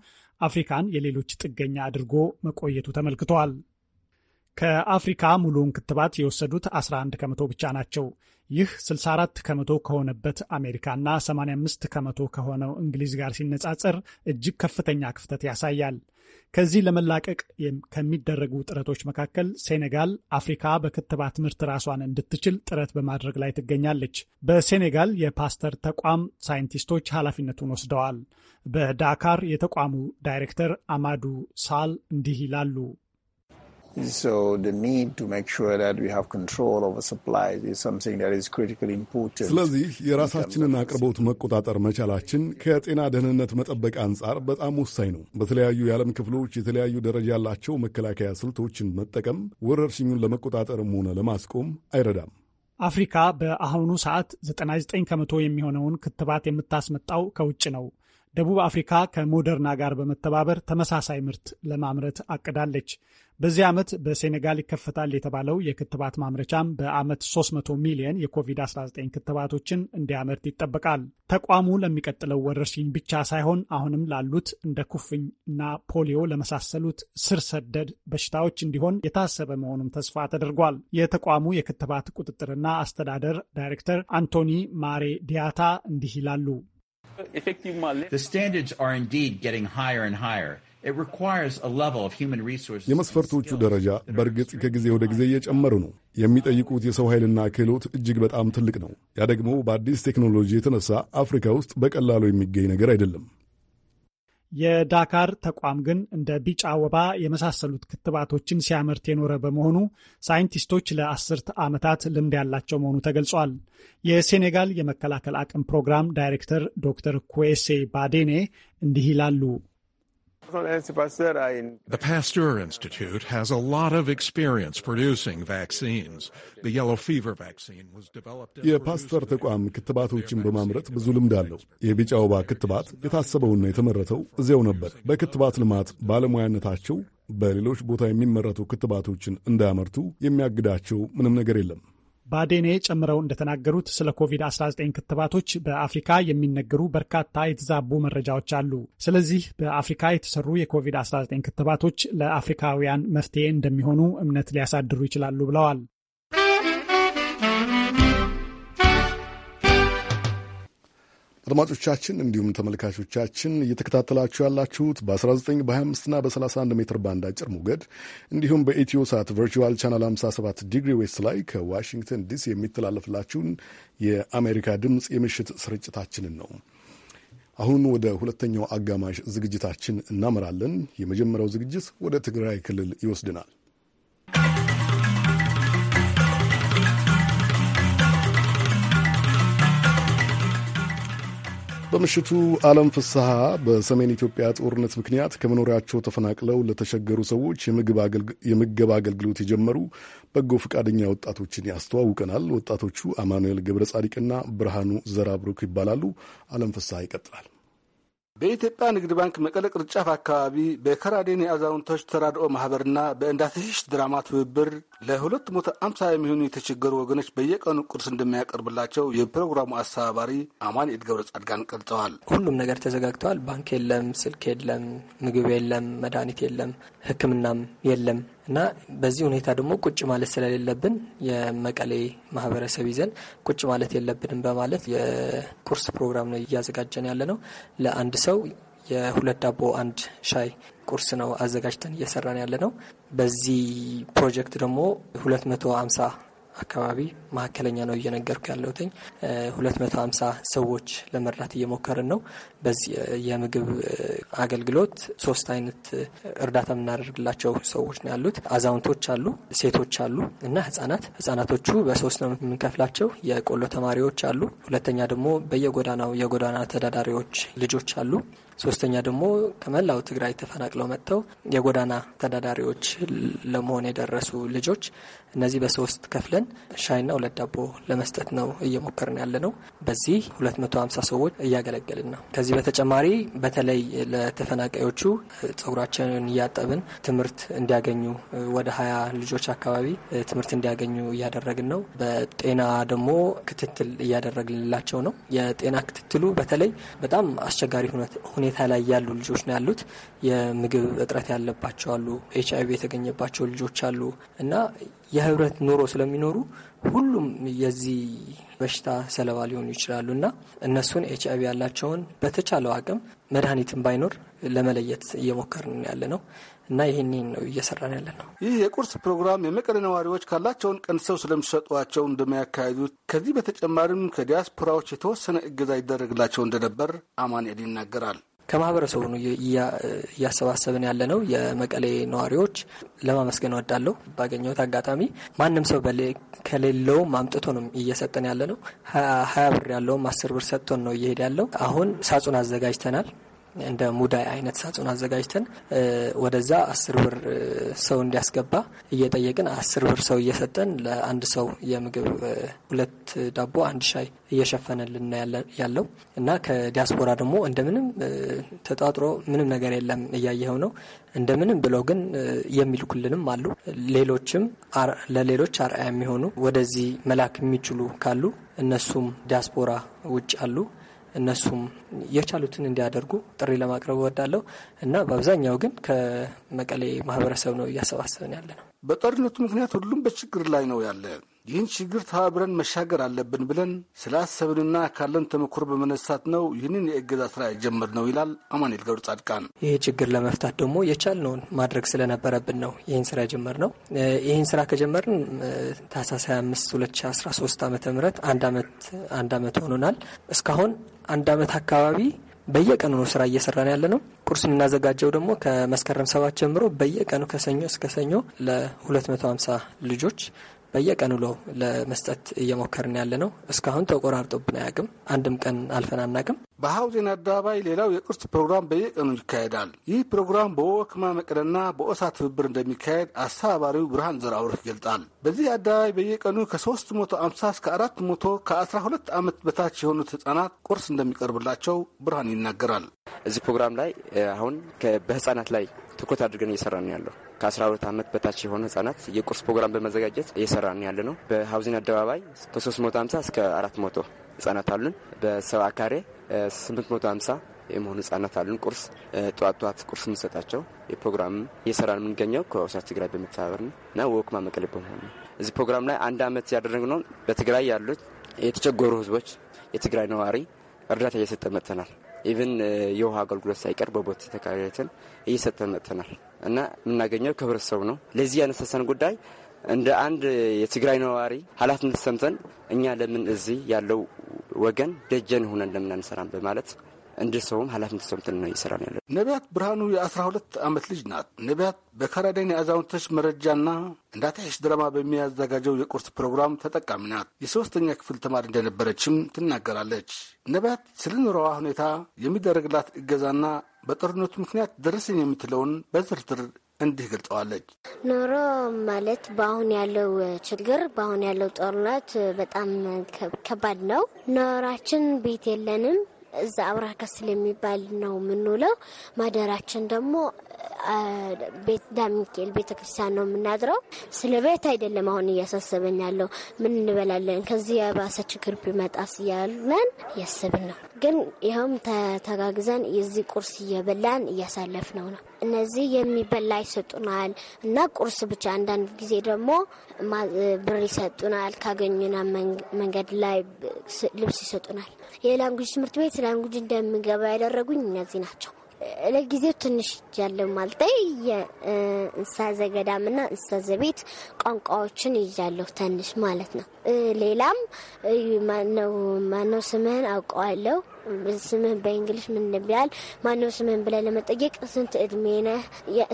አፍሪካን የሌሎች ጥገኛ አድርጎ መቆየቱ ተመልክተዋል። ከአፍሪካ ሙሉውን ክትባት የወሰዱት 11 ከመቶ ብቻ ናቸው። ይህ 64 ከመቶ ከሆነበት አሜሪካና 85 ከመቶ ከሆነው እንግሊዝ ጋር ሲነጻጸር እጅግ ከፍተኛ ክፍተት ያሳያል። ከዚህ ለመላቀቅ ከሚደረጉ ጥረቶች መካከል ሴኔጋል አፍሪካ በክትባት ምርት ራሷን እንድትችል ጥረት በማድረግ ላይ ትገኛለች። በሴኔጋል የፓስተር ተቋም ሳይንቲስቶች ኃላፊነቱን ወስደዋል። በዳካር የተቋሙ ዳይሬክተር አማዱ ሳል እንዲህ ይላሉ። ስለዚህ የራሳችንን አቅርቦት መቆጣጠር መቻላችን ከጤና ደህንነት መጠበቅ አንጻር በጣም ወሳኝ ነው። በተለያዩ የዓለም ክፍሎች የተለያዩ ደረጃ ያላቸው መከላከያ ስልቶችን መጠቀም ወረርሽኙን ለመቆጣጠርም ሆነ ለማስቆም አይረዳም። አፍሪካ በአሁኑ ሰዓት 99 ከመቶ የሚሆነውን ክትባት የምታስመጣው ከውጭ ነው። ደቡብ አፍሪካ ከሞደርና ጋር በመተባበር ተመሳሳይ ምርት ለማምረት አቅዳለች። በዚህ ዓመት በሴኔጋል ይከፈታል የተባለው የክትባት ማምረቻም በዓመት 300 ሚሊየን የኮቪድ-19 ክትባቶችን እንዲያመርት ይጠበቃል። ተቋሙ ለሚቀጥለው ወረርሽኝ ብቻ ሳይሆን አሁንም ላሉት እንደ ኩፍኝ እና ፖሊዮ ለመሳሰሉት ስር ሰደድ በሽታዎች እንዲሆን የታሰበ መሆኑም ተስፋ ተደርጓል። የተቋሙ የክትባት ቁጥጥርና አስተዳደር ዳይሬክተር አንቶኒ ማሬ ዲያታ እንዲህ ይላሉ። የመስፈርቶቹ ደረጃ በእርግጥ ከጊዜ ወደ ጊዜ እየጨመሩ ነው። የሚጠይቁት የሰው ኃይልና ክህሎት እጅግ በጣም ትልቅ ነው። ያ ደግሞ በአዲስ ቴክኖሎጂ የተነሳ አፍሪካ ውስጥ በቀላሉ የሚገኝ ነገር አይደለም። የዳካር ተቋም ግን እንደ ቢጫ ወባ የመሳሰሉት ክትባቶችን ሲያመርት የኖረ በመሆኑ ሳይንቲስቶች ለአስርት ዓመታት ልምድ ያላቸው መሆኑ ተገልጿል። የሴኔጋል የመከላከል አቅም ፕሮግራም ዳይሬክተር ዶክተር ኩዌሴ ባዴኔ እንዲህ ይላሉ። The Pasteur Institute has a lot of experience producing vaccines. The yellow fever vaccine was developed የፓስተር ተቋም ክትባቶችን በማምረት ብዙ ልምድ አለው። የቢጫ ወባ ክትባት የታሰበውና የተመረተው እዚያው ነበር። በክትባት ልማት ባለሙያነታቸው በሌሎች ቦታ የሚመረቱ ክትባቶችን እንዳያመርቱ የሚያግዳቸው ምንም ነገር የለም። ባዴኔ ጨምረው እንደተናገሩት ስለ ኮቪድ-19 ክትባቶች በአፍሪካ የሚነገሩ በርካታ የተዛቡ መረጃዎች አሉ። ስለዚህ በአፍሪካ የተሰሩ የኮቪድ-19 ክትባቶች ለአፍሪካውያን መፍትሄ እንደሚሆኑ እምነት ሊያሳድሩ ይችላሉ ብለዋል። አድማጮቻችን እንዲሁም ተመልካቾቻችን እየተከታተላችሁ ያላችሁት በ19 በ25ና በ31 ሜትር ባንድ አጭር ሞገድ እንዲሁም በኢትዮ ሳት ቨርቹዋል ቻናል 57 ዲግሪ ዌስት ላይ ከዋሽንግተን ዲሲ የሚተላለፍላችሁን የአሜሪካ ድምፅ የምሽት ስርጭታችንን ነው። አሁን ወደ ሁለተኛው አጋማሽ ዝግጅታችን እናመራለን። የመጀመሪያው ዝግጅት ወደ ትግራይ ክልል ይወስድናል። በምሽቱ ዓለም ፍስሐ በሰሜን ኢትዮጵያ ጦርነት ምክንያት ከመኖሪያቸው ተፈናቅለው ለተቸገሩ ሰዎች የምገባ አገልግሎት የጀመሩ በጎ ፈቃደኛ ወጣቶችን ያስተዋውቀናል። ወጣቶቹ አማኑኤል ገብረ ጻዲቅና ብርሃኑ ዘራብሩክ ይባላሉ። ዓለም ፍስሐ ይቀጥላል። በኢትዮጵያ ንግድ ባንክ መቀለ ቅርንጫፍ አካባቢ በከራዴን የአዛውንቶች ተራድኦ ማህበርና በእንዳትሽሽ ድራማ ትብብር ለሁለት መቶ አምሳ የሚሆኑ የተቸገሩ ወገኖች በየቀኑ ቁርስ እንደሚያቀርብላቸው የፕሮግራሙ አስተባባሪ አማኑኤል ገብረ ጻድቃን ገልጸዋል። ሁሉም ነገር ተዘጋግተዋል። ባንክ የለም፣ ስልክ የለም፣ ምግብ የለም፣ መድኃኒት የለም፣ ሕክምናም የለም። እና በዚህ ሁኔታ ደግሞ ቁጭ ማለት ስለሌለብን የመቀሌ ማህበረሰብ ይዘን ቁጭ ማለት የለብንም በማለት የቁርስ ፕሮግራም ነው እያዘጋጀን ያለ ነው። ለአንድ ሰው የሁለት ዳቦ አንድ ሻይ ቁርስ ነው አዘጋጅተን እየሰራን ያለ ነው። በዚህ ፕሮጀክት ደግሞ አምሳ አካባቢ መካከለኛ ነው እየነገርኩ ያለሁትኝ። ሁለት መቶ ሀምሳ ሰዎች ለመርዳት እየሞከርን ነው። በዚህ የምግብ አገልግሎት ሶስት አይነት እርዳታ የምናደርግላቸው ሰዎች ነው ያሉት። አዛውንቶች አሉ፣ ሴቶች አሉ እና ህጻናት። ህጻናቶቹ በሶስት ነው የምንከፍላቸው። የቆሎ ተማሪዎች አሉ። ሁለተኛ ደግሞ በየጎዳናው የጎዳና ተዳዳሪዎች ልጆች አሉ። ሶስተኛ ደግሞ ከመላው ትግራይ ተፈናቅለው መጥተው የጎዳና ተዳዳሪዎች ለመሆን የደረሱ ልጆች እነዚህ በሶስት ከፍለን ሻይና ሁለት ዳቦ ለመስጠት ነው እየሞከርን ያለ ነው። በዚህ 250 ሰዎች እያገለገልን ነው። ከዚህ በተጨማሪ በተለይ ለተፈናቃዮቹ ጸጉራቸውን እያጠብን ትምህርት እንዲያገኙ ወደ ሀያ ልጆች አካባቢ ትምህርት እንዲያገኙ እያደረግን ነው። በጤና ደግሞ ክትትል እያደረግንላቸው ነው። የጤና ክትትሉ በተለይ በጣም አስቸጋሪ ሁኔታ ላይ ያሉ ልጆች ነው ያሉት። የምግብ እጥረት ያለባቸው አሉ። ኤች ቪ የተገኘባቸው ልጆች አሉ እና የህብረት ኑሮ ስለሚኖሩ ሁሉም የዚህ በሽታ ሰለባ ሊሆኑ ይችላሉ እና እነሱን ኤች አይቪ ያላቸውን በተቻለው አቅም መድኃኒትን ባይኖር ለመለየት እየሞከርን ያለ ነው እና ይህን ነው እየሰራን ያለ ነው። ይህ የቁርስ ፕሮግራም የመቀሌ ነዋሪዎች ካላቸውን ቀንሰው ስለሚሰጧቸው እንደሚያካሂዱት ከዚህ በተጨማሪም ከዲያስፖራዎች የተወሰነ እገዛ ይደረግላቸው እንደነበር አማንኤል ይናገራል። ከማህበረሰቡ ነው እያሰባሰብን ያለ ነው። የመቀሌ ነዋሪዎች ለማመስገን ወዳለሁ። ባገኘሁት አጋጣሚ ማንም ሰው ከሌለውም አምጥቶ ነው እየሰጠን ያለ ነው። ሀያ ብር ያለውም አስር ብር ሰጥቶን ነው እየሄድ ያለው። አሁን ሳጹን አዘጋጅተናል። እንደ ሙዳይ አይነት ሳጹን አዘጋጅተን ወደዛ አስር ብር ሰው እንዲያስገባ እየጠየቅን አስር ብር ሰው እየሰጠን ለአንድ ሰው የምግብ ሁለት ዳቦ አንድ ሻይ እየሸፈነልን ያለው እና ከዲያስፖራ ደግሞ እንደምንም ተጧጥሮ ምንም ነገር የለም እያየኸው ነው እንደምንም ብለው ግን የሚልኩልንም አሉ። ሌሎችም ለሌሎች አርአያ የሚሆኑ ወደዚህ መላክ የሚችሉ ካሉ እነሱም ዲያስፖራ ውጭ አሉ እነሱም የቻሉትን እንዲያደርጉ ጥሪ ለማቅረብ እወዳለሁ እና በአብዛኛው ግን ከመቀሌ ማህበረሰብ ነው እያሰባሰብን ያለ ነው። በጦርነቱ ምክንያት ሁሉም በችግር ላይ ነው ያለ ይህን ችግር ተባብረን መሻገር አለብን ብለን ስላሰብንና ካለን ተመክሮ በመነሳት ነው ይህንን የእገዛ ስራ የጀመርነው ይላል አማኔል ገብረ ጻድቃን። ይህ ችግር ለመፍታት ደግሞ የቻልነውን ማድረግ ስለነበረብን ነው ይህን ስራ የጀመርነው። ይህን ስራ ከጀመርን ታህሳስ 25 2013 ዓ ም አንድ ዓመት ሆኖናል። እስካሁን አንድ ዓመት አካባቢ በየቀኑ ነው ስራ እየሰራን ያለ ነው። ቁርስ የምናዘጋጀው ደግሞ ከመስከረም ሰባት ጀምሮ በየቀኑ ከሰኞ እስከ ሰኞ ለ250 ልጆች በየቀኑ ሎ ለመስጠት እየሞከርን ያለ ነው። እስካሁን ተቆራርጦብን አያውቅም። አንድም ቀን አልፈን አናውቅም። በሀውዜን አደባባይ ሌላው የቁርስ ፕሮግራም በየቀኑ ይካሄዳል። ይህ ፕሮግራም በወክማ መቅደና በኦሳ ትብብር እንደሚካሄድ አስተባባሪው ብርሃን ዘርአውርህ ይገልጣል። በዚህ አደባባይ በየቀኑ ከ350 እስከ 400 ከ12 ዓመት በታች የሆኑት ህጻናት ቁርስ እንደሚቀርብላቸው ብርሃን ይናገራል። እዚህ ፕሮግራም ላይ አሁን በህጻናት ላይ ትኩረት አድርገን እየሰራ ነው ያለው ከ12 ዓመት በታች የሆነ ህጻናት የቁርስ ፕሮግራም በመዘጋጀት እየሰራ ነው ያለ ነው። በሀውዚን አደባባይ ከ350 እስከ 400 ህጻናት አሉን። በሰብ አካሬ 850 የመሆኑ ህጻናት አሉን። ቁርስ ጠዋት ጠዋት ቁርስ የምንሰጣቸው የፕሮግራም እየሰራን የምንገኘው ከውሳት ትግራይ በመተባበር እና ወክማ መቀሌ በመሆን ነው። እዚህ ፕሮግራም ላይ አንድ ዓመት ያደረግነው በትግራይ ያሉት የተቸገሩ ህዝቦች የትግራይ ነዋሪ እርዳታ እየሰጠ መጥተናል። ኢቨን የውሃ አገልግሎት ሳይቀር በቦት ተካሄትን እየሰጠን መጥተናል እና የምናገኘው ከህብረተሰቡ ነው። ለዚህ ያነሳሳን ጉዳይ እንደ አንድ የትግራይ ነዋሪ ኃላፊነት ሰምተን እኛ ለምን እዚህ ያለው ወገን ደጀን ሆነን ለምን አንሰራም በማለት እንደ ሰውም ኃላፊነት ተሰምተን ነው እየሰራ ያለ። ነቢያት ብርሃኑ የአስራ ሁለት ዓመት ልጅ ናት። ነቢያት በካናዳን የአዛውንቶች መረጃና እንዳታይሽ ድራማ በሚያዘጋጀው የቁርስ ፕሮግራም ተጠቃሚ ናት። የሶስተኛ ክፍል ተማሪ እንደነበረችም ትናገራለች። ነቢያት ስለ ኑሮዋ ሁኔታ የሚደረግላት እገዛና በጦርነቱ ምክንያት ደረሰኝ የምትለውን በዝርዝር እንዲህ ገልጸዋለች። ኖሮ ማለት በአሁን ያለው ችግር በአሁን ያለው ጦርነት በጣም ከባድ ነው። ኖራችን ቤት የለንም እዛ አብራከስ የሚባል ነው የምንውለው። ማደራችን ደግሞ ዳሚካኤል ቤተ ክርስቲያን ነው የምናድረው። ስለ ቤት አይደለም አሁን እያሳሰበን ያለው ምን እንበላለን፣ ከዚህ የባሰ ችግር ቢመጣስ እያለን እያሰብን ነው። ግን ይኸውም ተጋግዘን የዚህ ቁርስ እየበላን እያሳለፍ ነው ነው እነዚህ የሚበላ ይሰጡናል እና ቁርስ ብቻ አንዳንድ ጊዜ ደግሞ ብር ይሰጡናል። ካገኙና መንገድ ላይ ልብስ ይሰጡናል። የላንጉጅ ትምህርት ቤት ላንጉጅ እንደምገባ ያደረጉኝ እነዚህ ናቸው። ለጊዜው ትንሽ ይጃለሁ ማለት የእንስሳ ዘገዳምና እንስሳ ዘቤት ቋንቋዎችን ይጃለሁ ትንሽ ማለት ነው። ሌላም ማነው ማነው ስምህን አውቀዋለሁ ስምህን በእንግሊሽ ምን ብላል ማነው ስምህን ብለን ለመጠየቅ ስንት እድሜ ነህ፣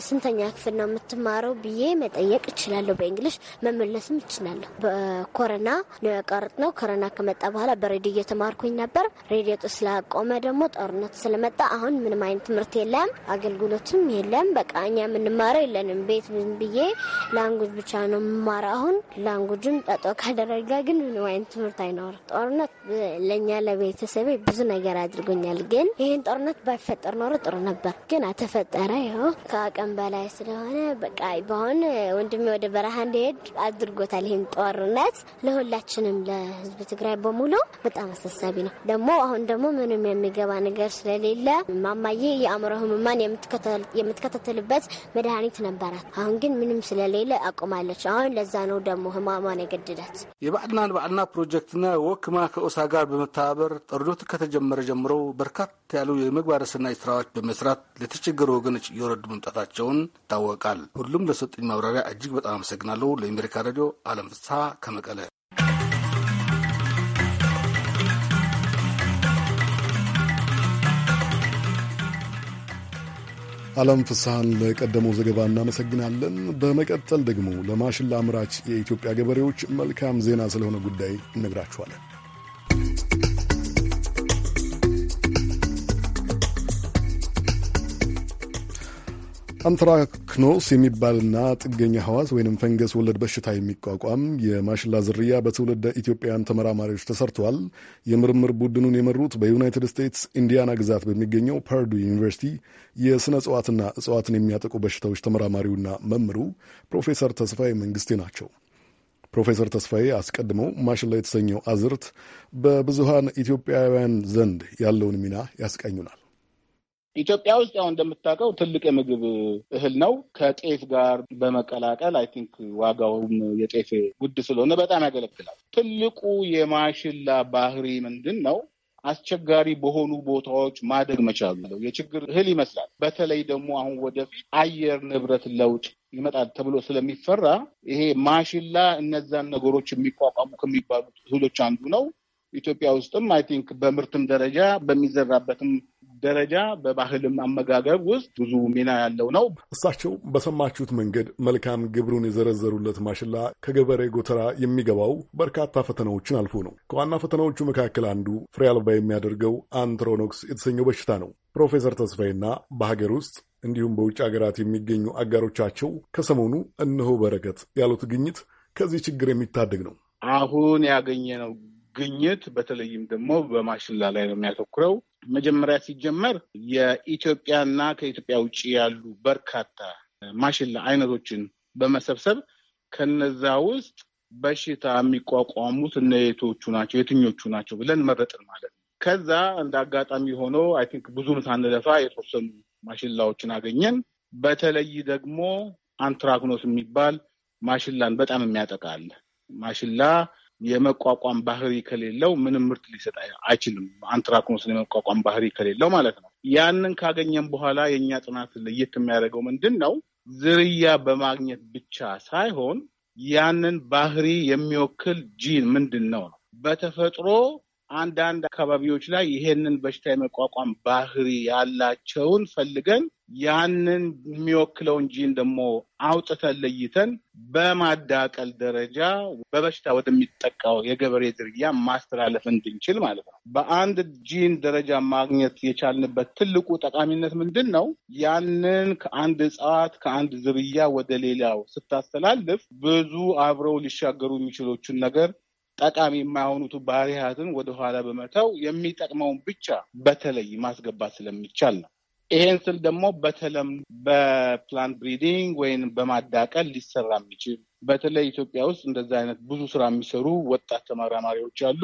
ስንተኛ ክፍል ነው የምትማረው ብዬ መጠየቅ እችላለሁ። በእንግሊሽ መመለስም እችላለሁ። በኮረና ነው ያቋረጥ ነው። ኮረና ከመጣ በኋላ በሬዲዮ እየተማርኩኝ ነበር። ሬዲዮ ስላቆመ ደግሞ ጦርነት ስለመጣ አሁን ምንም አይነት ትምህርት የለም፣ አገልግሎትም የለም። በቃ እኛ የምንማረው የለንም። ቤት ብዬ ላንጉጅ ብቻ ነው የምማረው። አሁን ላንጉጅም ጠጦ ካደረጋ ግን ምንም አይነት ትምህርት አይኖርም። ጦርነት ለእኛ ለቤተሰቤ ብዙ ነገር ነገር አድርጎኛል። ግን ይህን ጦርነት ባይፈጠር ኖሮ ጥሩ ነበር፣ ግን አተፈጠረ። ይኸው ከአቅም በላይ ስለሆነ በቃ በአሁን ወንድሜ ወደ በረሃ እንዲሄድ አድርጎታል። ይህን ጦርነት ለሁላችንም ለህዝብ ትግራይ በሙሉ በጣም አሳሳቢ ነው። ደግሞ አሁን ደግሞ ምንም የሚገባ ነገር ስለሌለ ማማዬ የአእምሮ ህሙማን የምትከታተልበት መድኃኒት ነበራት። አሁን ግን ምንም ስለሌለ አቁማለች። አሁን ለዛ ነው ደግሞ ህማማን የገድዳት የባዕድና ለባዕልና ፕሮጀክትና ወክማ ከኦሳ ጋር በመተባበር ጦርነቱ ከተጀመረ ከተጀመረ ጀምሮ በርካታ ያሉ የምግባረ ሰናይ ስራዎች በመስራት ለተቸገሩ ወገኖች እየወረዱ መምጣታቸውን ይታወቃል። ሁሉም ለሰጡኝ ማብራሪያ እጅግ በጣም አመሰግናለሁ። ለአሜሪካ ሬዲዮ አለም ፍስሐ ከመቀለ። አለም ፍስሐን ለቀደመው ዘገባ እናመሰግናለን። በመቀጠል ደግሞ ለማሽላ አምራች የኢትዮጵያ ገበሬዎች መልካም ዜና ስለሆነ ጉዳይ እነግራችኋለን። አንትራክኖስ የሚባልና ጥገኛ ህዋስ ወይንም ፈንገስ ወለድ በሽታ የሚቋቋም የማሽላ ዝርያ በትውልደ ኢትዮጵያውያን ተመራማሪዎች ተሰርተዋል። የምርምር ቡድኑን የመሩት በዩናይትድ ስቴትስ ኢንዲያና ግዛት በሚገኘው ፐርዱ ዩኒቨርሲቲ የሥነ እጽዋትና እጽዋትን የሚያጠቁ በሽታዎች ተመራማሪውና መምሩ ፕሮፌሰር ተስፋዬ መንግስቴ ናቸው። ፕሮፌሰር ተስፋዬ አስቀድመው ማሽላ የተሰኘው አዝርት በብዙሃን ኢትዮጵያውያን ዘንድ ያለውን ሚና ያስቀኙናል። ኢትዮጵያ ውስጥ ያው እንደምታውቀው ትልቅ የምግብ እህል ነው። ከጤፍ ጋር በመቀላቀል አይ ቲንክ ዋጋውም የጤፍ ውድ ስለሆነ በጣም ያገለግላል። ትልቁ የማሽላ ባህሪ ምንድን ነው? አስቸጋሪ በሆኑ ቦታዎች ማደግ መቻሉ ነው። የችግር እህል ይመስላል። በተለይ ደግሞ አሁን ወደፊት አየር ንብረት ለውጥ ይመጣል ተብሎ ስለሚፈራ ይሄ ማሽላ እነዛን ነገሮች የሚቋቋሙ ከሚባሉት እህሎች አንዱ ነው። ኢትዮጵያ ውስጥም አይ ቲንክ በምርትም ደረጃ በሚዘራበትም ደረጃ በባህልም አመጋገብ ውስጥ ብዙ ሚና ያለው ነው። እሳቸው በሰማችሁት መንገድ መልካም ግብሩን የዘረዘሩለት ማሽላ ከገበሬ ጎተራ የሚገባው በርካታ ፈተናዎችን አልፎ ነው። ከዋና ፈተናዎቹ መካከል አንዱ ፍሬ አልባ የሚያደርገው አንትሮኖክስ የተሰኘው በሽታ ነው። ፕሮፌሰር ተስፋዬና በሀገር ውስጥ እንዲሁም በውጭ ሀገራት የሚገኙ አጋሮቻቸው ከሰሞኑ እነሆ በረከት ያሉት ግኝት ከዚህ ችግር የሚታደግ ነው። አሁን ያገኘ ነው ግኝት በተለይም ደግሞ በማሽላ ላይ ነው የሚያተኩረው። መጀመሪያ ሲጀመር የኢትዮጵያና ከኢትዮጵያ ውጭ ያሉ በርካታ ማሽላ አይነቶችን በመሰብሰብ ከነዛ ውስጥ በሽታ የሚቋቋሙት እነየቶቹ ናቸው የትኞቹ ናቸው ብለን መረጥን ማለት ነው። ከዛ እንደ አጋጣሚ ሆኖ አይ ቲንክ ብዙም ሳንለፋ የተወሰኑ ማሽላዎችን አገኘን። በተለይ ደግሞ አንትራክኖስ የሚባል ማሽላን በጣም የሚያጠቃል ማሽላ የመቋቋም ባህሪ ከሌለው ምንም ምርት ሊሰጥ አይችልም። አንትራክኖስን የመቋቋም ባህሪ ከሌለው ማለት ነው። ያንን ካገኘም በኋላ የእኛ ጥናት ለየት የሚያደርገው ምንድን ነው? ዝርያ በማግኘት ብቻ ሳይሆን ያንን ባህሪ የሚወክል ጂን ምንድን ነው ነው በተፈጥሮ አንዳንድ አካባቢዎች ላይ ይሄንን በሽታ የመቋቋም ባህሪ ያላቸውን ፈልገን ያንን የሚወክለውን ጂን ደግሞ አውጥተን ለይተን በማዳቀል ደረጃ በበሽታ ወደሚጠቃው የገበሬ ዝርያ ማስተላለፍ እንድንችል ማለት ነው። በአንድ ጂን ደረጃ ማግኘት የቻልንበት ትልቁ ጠቃሚነት ምንድን ነው? ያንን ከአንድ እጽዋት ከአንድ ዝርያ ወደ ሌላው ስታስተላልፍ ብዙ አብረው ሊሻገሩ የሚችሎችን ነገር ጠቃሚ የማይሆኑት ባህሪያትን ወደኋላ በመተው የሚጠቅመውን ብቻ በተለይ ማስገባት ስለሚቻል ነው። ይሄን ስል ደግሞ በተለም በፕላንት ብሪዲንግ ወይም በማዳቀል ሊሰራ የሚችል በተለይ ኢትዮጵያ ውስጥ እንደዛ አይነት ብዙ ስራ የሚሰሩ ወጣት ተመራማሪዎች አሉ።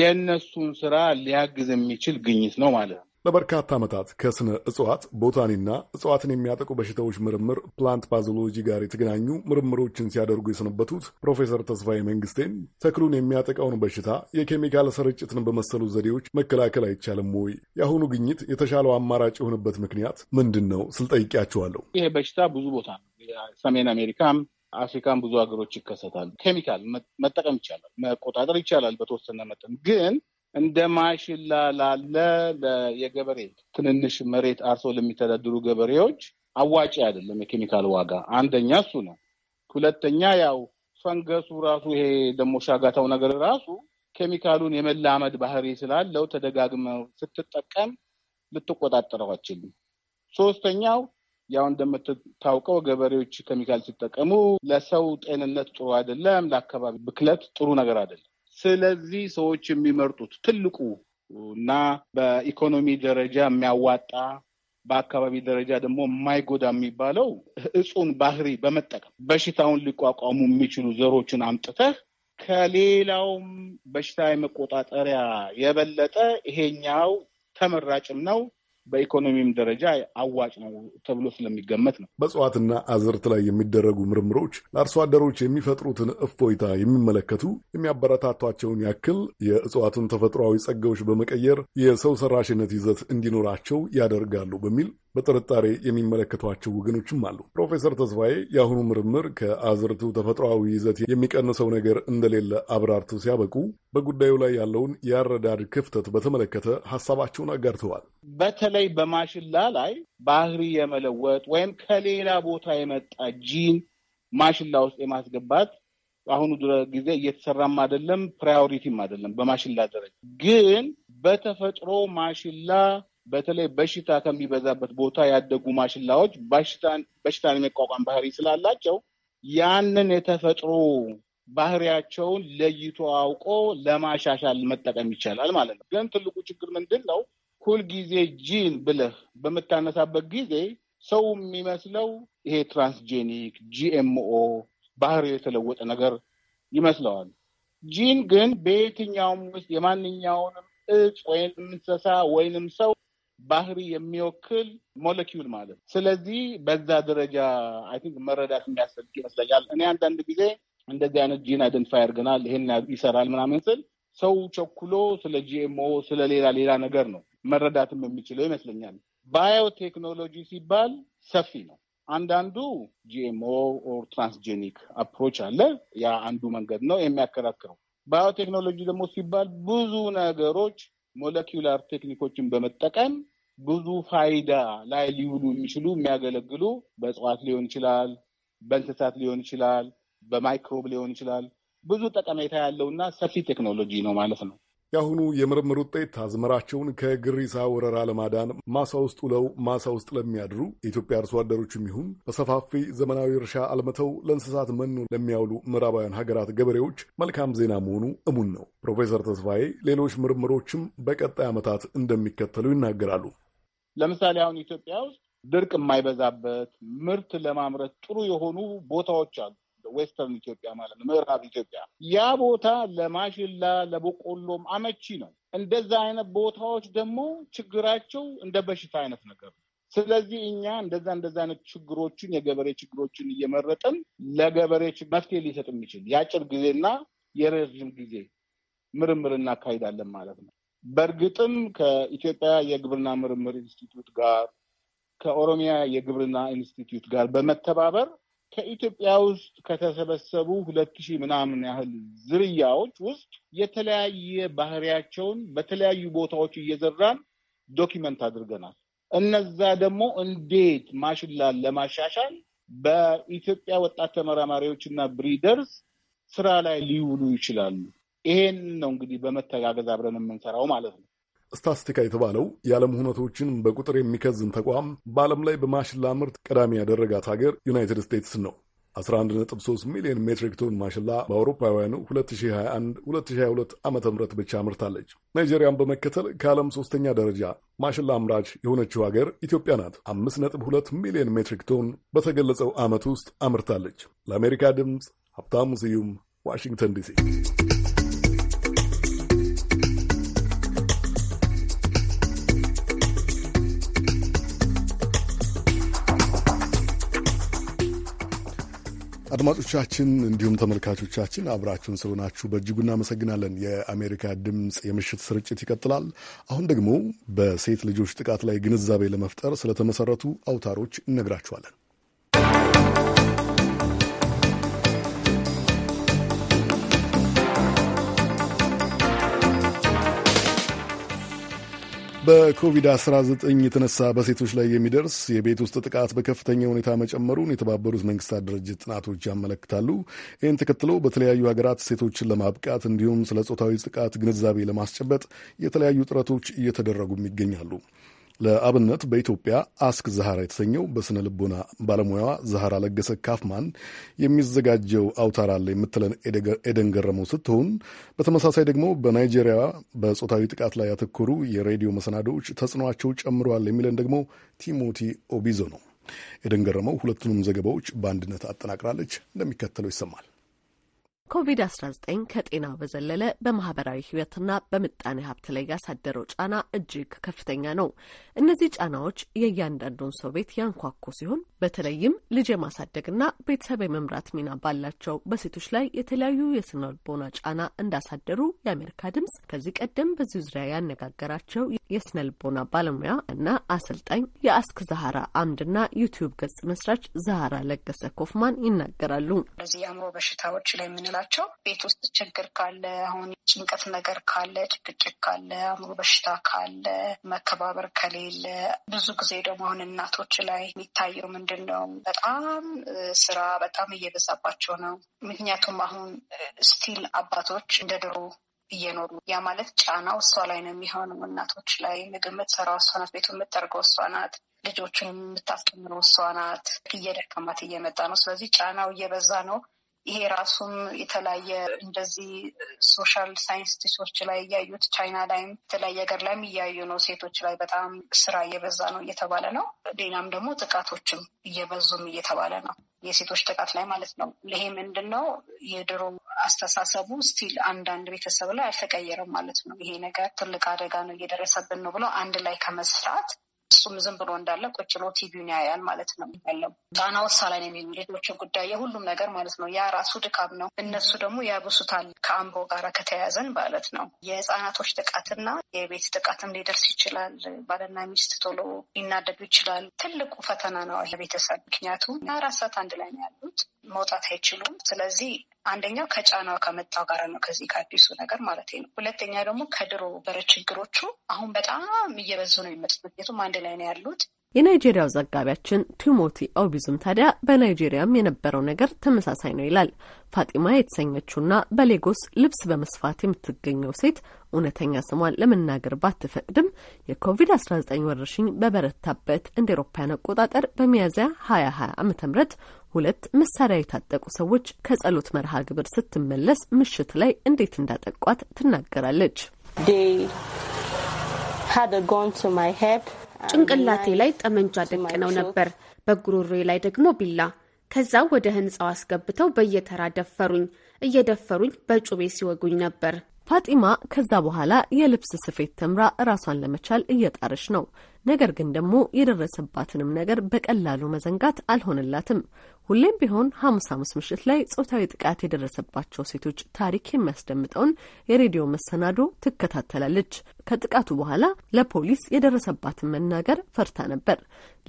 የእነሱን ስራ ሊያግዝ የሚችል ግኝት ነው ማለት ነው። ለበርካታ ዓመታት ከስነ እጽዋት ቦታኒና እጽዋትን የሚያጠቁ በሽታዎች ምርምር ፕላንት ፓዞሎጂ ጋር የተገናኙ ምርምሮችን ሲያደርጉ የሰነበቱት ፕሮፌሰር ተስፋዬ መንግስቴን ተክሉን የሚያጠቃውን በሽታ የኬሚካል ስርጭትን በመሰሉ ዘዴዎች መከላከል አይቻልም ወይ? የአሁኑ ግኝት የተሻለው አማራጭ የሆነበት ምክንያት ምንድን ነው ስል ጠይቄያቸዋለሁ። ይሄ በሽታ ብዙ ቦታ ነው። ሰሜን አሜሪካም አፍሪካም ብዙ ሀገሮች ይከሰታል። ኬሚካል መጠቀም ይቻላል፣ መቆጣጠር ይቻላል። በተወሰነ መጠን ግን እንደ ማሽላ ላለ የገበሬ ትንንሽ መሬት አርሶ ለሚተዳድሩ ገበሬዎች አዋጭ አይደለም። የኬሚካል ዋጋ አንደኛ እሱ ነው። ሁለተኛ ያው ፈንገሱ ራሱ ይሄ ደግሞ ሻጋታው ነገር ራሱ ኬሚካሉን የመላመድ ባህሪ ስላለው ተደጋግመው ስትጠቀም ልትቆጣጠረው አችልም። ሶስተኛው ያው እንደምትታውቀው ገበሬዎች ኬሚካል ሲጠቀሙ ለሰው ጤንነት ጥሩ አይደለም፣ ለአካባቢ ብክለት ጥሩ ነገር አይደለም። ስለዚህ ሰዎች የሚመርጡት ትልቁ እና በኢኮኖሚ ደረጃ የሚያዋጣ በአካባቢ ደረጃ ደግሞ የማይጎዳ የሚባለው እጹን ባህሪ በመጠቀም በሽታውን ሊቋቋሙ የሚችሉ ዘሮችን አምጥተህ ከሌላውም በሽታ የመቆጣጠሪያ የበለጠ ይሄኛው ተመራጭም ነው በኢኮኖሚም ደረጃ አዋጭ ነው ተብሎ ስለሚገመት ነው። በእጽዋትና አዝርት ላይ የሚደረጉ ምርምሮች ለአርሶ አደሮች የሚፈጥሩትን እፎይታ የሚመለከቱ የሚያበረታቷቸውን ያክል የእጽዋቱን ተፈጥሯዊ ጸጋዎች በመቀየር የሰው ሰራሽነት ይዘት እንዲኖራቸው ያደርጋሉ በሚል በጥርጣሬ የሚመለከቷቸው ወገኖችም አሉ። ፕሮፌሰር ተስፋዬ የአሁኑ ምርምር ከአዝርቱ ተፈጥሯዊ ይዘት የሚቀንሰው ነገር እንደሌለ አብራርቱ ሲያበቁ በጉዳዩ ላይ ያለውን የአረዳድ ክፍተት በተመለከተ ሀሳባቸውን አጋርተዋል። በተለይ በማሽላ ላይ ባህሪ የመለወጥ ወይም ከሌላ ቦታ የመጣ ጂን ማሽላ ውስጥ የማስገባት አሁኑ ድረ ጊዜ እየተሰራም አይደለም፣ ፕራዮሪቲም አይደለም። በማሽላ ደረጃ ግን በተፈጥሮ ማሽላ በተለይ በሽታ ከሚበዛበት ቦታ ያደጉ ማሽላዎች በሽታን የመቋቋም ባህሪ ስላላቸው ያንን የተፈጥሮ ባህሪያቸውን ለይቶ አውቆ ለማሻሻል መጠቀም ይቻላል ማለት ነው። ግን ትልቁ ችግር ምንድን ነው? ሁልጊዜ ጂን ብለህ በምታነሳበት ጊዜ ሰው የሚመስለው ይሄ ትራንስጄኒክ ጂኤምኦ ባህር የተለወጠ ነገር ይመስለዋል። ጂን ግን በየትኛውም ውስጥ የማንኛውንም እጽ ወይንም እንስሳ ወይንም ሰው ባህሪ የሚወክል ሞለኪውል ማለት ነው። ስለዚህ በዛ ደረጃ አይ ቲንክ መረዳት የሚያስፈልግ ይመስለኛል። እኔ አንዳንድ ጊዜ እንደዚህ አይነት ጂን አይደንቲፋይ አድርገናል፣ ይሄን ይሰራል ምናምን ስል ሰው ቸኩሎ ስለ ጂኤምኦ ስለ ሌላ ሌላ ነገር ነው መረዳትም የሚችለው ይመስለኛል። ባዮቴክኖሎጂ ሲባል ሰፊ ነው። አንዳንዱ ጂኤምኦ ኦር ትራንስጄኒክ አፕሮች አለ። ያ አንዱ መንገድ ነው የሚያከራክረው። ባዮቴክኖሎጂ ደግሞ ሲባል ብዙ ነገሮች ሞለኪውላር ቴክኒኮችን በመጠቀም ብዙ ፋይዳ ላይ ሊውሉ የሚችሉ የሚያገለግሉ በእጽዋት ሊሆን ይችላል፣ በእንስሳት ሊሆን ይችላል፣ በማይክሮብ ሊሆን ይችላል። ብዙ ጠቀሜታ ያለውና ሰፊ ቴክኖሎጂ ነው ማለት ነው። የአሁኑ የምርምር ውጤት አዝመራቸውን ከግሪሳ ወረራ ለማዳን ማሳ ውስጥ ውለው ማሳ ውስጥ ለሚያድሩ የኢትዮጵያ አርሶ አደሮችም ይሁን በሰፋፊ ዘመናዊ እርሻ አልምተው ለእንስሳት መኖ ለሚያውሉ ምዕራባውያን ሀገራት ገበሬዎች መልካም ዜና መሆኑ እሙን ነው። ፕሮፌሰር ተስፋዬ ሌሎች ምርምሮችም በቀጣይ ዓመታት እንደሚከተሉ ይናገራሉ። ለምሳሌ አሁን ኢትዮጵያ ውስጥ ድርቅ የማይበዛበት ምርት ለማምረት ጥሩ የሆኑ ቦታዎች አሉ። ዌስተርን ኢትዮጵያ ማለት ነው፣ ምዕራብ ኢትዮጵያ። ያ ቦታ ለማሽላ ለበቆሎም አመቺ ነው። እንደዛ አይነት ቦታዎች ደግሞ ችግራቸው እንደ በሽታ አይነት ነገር ነው። ስለዚህ እኛ እንደዛ እንደዛ አይነት ችግሮችን የገበሬ ችግሮችን እየመረጥን ለገበሬ መፍትሄ ሊሰጥ የሚችል የአጭር ጊዜና የረዥም ጊዜ ምርምር እናካሂዳለን ማለት ነው። በእርግጥም ከኢትዮጵያ የግብርና ምርምር ኢንስቲትዩት ጋር ከኦሮሚያ የግብርና ኢንስቲትዩት ጋር በመተባበር ከኢትዮጵያ ውስጥ ከተሰበሰቡ ሁለት ሺህ ምናምን ያህል ዝርያዎች ውስጥ የተለያየ ባህሪያቸውን በተለያዩ ቦታዎች እየዘራን ዶኪመንት አድርገናል። እነዛ ደግሞ እንዴት ማሽላን ለማሻሻል በኢትዮጵያ ወጣት ተመራማሪዎች እና ብሪደርስ ስራ ላይ ሊውሉ ይችላሉ። ይሄን ነው እንግዲህ በመተጋገዝ አብረን የምንሰራው ማለት ነው። ስታስቲካ የተባለው የዓለም ሁነቶችን በቁጥር የሚከዝን ተቋም በዓለም ላይ በማሽላ ምርት ቀዳሚ ያደረጋት ሀገር ዩናይትድ ስቴትስ ነው። 11.3 ሚሊዮን ሜትሪክ ቶን ማሽላ በአውሮፓውያኑ 2021-2022 ዓ ም ብቻ አምርታለች። ናይጄሪያን በመከተል ከዓለም ሶስተኛ ደረጃ ማሽላ አምራች የሆነችው ሀገር ኢትዮጵያ ናት። 5.2 ሚሊዮን ሜትሪክ ቶን በተገለጸው ዓመት ውስጥ አምርታለች። ለአሜሪካ ድምፅ ሀብታሙ ስዩም ዋሽንግተን ዲሲ አድማጮቻችን እንዲሁም ተመልካቾቻችን አብራችሁን ስለሆናችሁ በእጅጉ እናመሰግናለን። የአሜሪካ ድምፅ የምሽት ስርጭት ይቀጥላል። አሁን ደግሞ በሴት ልጆች ጥቃት ላይ ግንዛቤ ለመፍጠር ስለተመሰረቱ አውታሮች እነግራችኋለን። በኮቪድ-19 የተነሳ በሴቶች ላይ የሚደርስ የቤት ውስጥ ጥቃት በከፍተኛ ሁኔታ መጨመሩን የተባበሩት መንግስታት ድርጅት ጥናቶች ያመለክታሉ። ይህን ተከትሎ በተለያዩ ሀገራት ሴቶችን ለማብቃት እንዲሁም ስለ ጾታዊ ጥቃት ግንዛቤ ለማስጨበጥ የተለያዩ ጥረቶች እየተደረጉም ይገኛሉ። ለአብነት በኢትዮጵያ አስክ ዛህራ የተሰኘው በሥነ ልቦና ባለሙያዋ ዛህራ ለገሰ ካፍማን የሚዘጋጀው አውታር አለ የምትለን ኤደን ገረመው ስትሆን በተመሳሳይ ደግሞ በናይጄሪያ በጾታዊ ጥቃት ላይ ያተኮሩ የሬዲዮ መሰናዶዎች ተጽዕኖቸው ጨምረዋል የሚለን ደግሞ ቲሞቲ ኦቢዞ ነው። ኤደን ገረመው ሁለቱንም ዘገባዎች በአንድነት አጠናቅራለች። እንደሚከተለው ይሰማል። ኮቪድ-19 ከጤና በዘለለ በማህበራዊ ህይወትና በምጣኔ ሀብት ላይ ያሳደረው ጫና እጅግ ከፍተኛ ነው። እነዚህ ጫናዎች የእያንዳንዱን ሰው ቤት ያንኳኩ ሲሆን በተለይም ልጅ የማሳደግና ቤተሰብ የመምራት ሚና ባላቸው በሴቶች ላይ የተለያዩ የስነ ልቦና ጫና እንዳሳደሩ የአሜሪካ ድምጽ ከዚህ ቀደም በዚህ ዙሪያ ያነጋገራቸው የስነ ልቦና ባለሙያ እና አሰልጣኝ የአስክ አምድ አምድና ዩቲዩብ ገጽ መስራች ዛህራ ለገሰ ኮፍማን ይናገራሉ። እነዚህ የአእምሮ በሽታዎች ላይ የምንላ የምንላቸው ቤት ውስጥ ችግር ካለ አሁን ጭንቀት ነገር ካለ፣ ጭቅጭቅ ካለ፣ አእምሮ በሽታ ካለ፣ መከባበር ከሌለ ብዙ ጊዜ ደግሞ አሁን እናቶች ላይ የሚታየው ምንድን ነው? በጣም ስራ በጣም እየበዛባቸው ነው። ምክንያቱም አሁን ስቲል አባቶች እንደ ድሮ እየኖሩ ያ ማለት ጫናው እሷ ላይ ነው የሚሆነው። እናቶች ላይ ምግብ የምትሰራው እሷ ናት፣ ቤቱን የምትጠርገው እሷ ናት፣ ልጆቹን የምታስቀምረው እሷ ናት። እየደከማት እየመጣ ነው። ስለዚህ ጫናው እየበዛ ነው። ይሄ ራሱም የተለያየ እንደዚህ ሶሻል ሳይንስ ቲሶች ላይ እያዩት ቻይና ላይም የተለያየ ሀገር ላይም እያዩ ነው። ሴቶች ላይ በጣም ስራ እየበዛ ነው እየተባለ ነው። ሌላም ደግሞ ጥቃቶችም እየበዙም እየተባለ ነው። የሴቶች ጥቃት ላይ ማለት ነው። ይሄ ምንድን ነው የድሮ አስተሳሰቡ ስቲል አንዳንድ ቤተሰብ ላይ አልተቀየረም ማለት ነው። ይሄ ነገር ትልቅ አደጋ ነው እየደረሰብን ነው ብለው አንድ ላይ ከመስራት እሱም ዝም ብሎ እንዳለ ቁጭ ብሎ ቲቪውን ያያል ማለት ነው። ያለው ጫና ወሳ ላይ ነው የሚሉ ሌሎችን ጉዳይ የሁሉም ነገር ማለት ነው። ያ ራሱ ድካም ነው። እነሱ ደግሞ ያብሱታል። ከአምቦ ጋር ከተያያዘን ማለት ነው የህፃናቶች ጥቃትና የቤት ጥቃትም ሊደርስ ይችላል። ባልና ሚስት ቶሎ ሊናደዱ ይችላል። ትልቁ ፈተና ነው የቤተሰብ ምክንያቱም አራት ሰዓት አንድ ላይ ነው ያሉት መውጣት አይችሉም። ስለዚህ አንደኛው ከጫናው ከመጣው ጋር ነው ከዚህ ከአዲሱ ነገር ማለት ነው። ሁለተኛ ደግሞ ከድሮ በረ ችግሮቹ አሁን በጣም እየበዙ ነው የሚመጡት። ምክንያቱም አንድ ላይ ነው ያሉት። የናይጄሪያው ዘጋቢያችን ቲሞቲ ኦቢዙም ታዲያ በናይጄሪያም የነበረው ነገር ተመሳሳይ ነው ይላል። ፋጢማ የተሰኘችውና በሌጎስ ልብስ በመስፋት የምትገኘው ሴት እውነተኛ ስሟን ለመናገር ባትፈቅድም የኮቪድ-19 ወረርሽኝ በበረታበት እንደ ኤሮፓያን አቆጣጠር በሚያዝያ 2020 ዓ ም ሁለት መሳሪያ የታጠቁ ሰዎች ከጸሎት መርሃ ግብር ስትመለስ ምሽት ላይ እንዴት እንዳጠቋት ትናገራለች። ጭንቅላቴ ላይ ጠመንጃ ደቅነው ነበር፣ በጉሮሬ ላይ ደግሞ ቢላ። ከዛ ወደ ህንፃው አስገብተው በየተራ ደፈሩኝ። እየደፈሩኝ በጩቤ ሲወጉኝ ነበር። ፋጢማ ከዛ በኋላ የልብስ ስፌት ተምራ ራሷን ለመቻል እየጣረች ነው። ነገር ግን ደግሞ የደረሰባትንም ነገር በቀላሉ መዘንጋት አልሆነላትም። ሁሌም ቢሆን ሐሙስ ሐሙስ ምሽት ላይ ጾታዊ ጥቃት የደረሰባቸው ሴቶች ታሪክ የሚያስደምጠውን የሬዲዮ መሰናዶ ትከታተላለች። ከጥቃቱ በኋላ ለፖሊስ የደረሰባትን መናገር ፈርታ ነበር።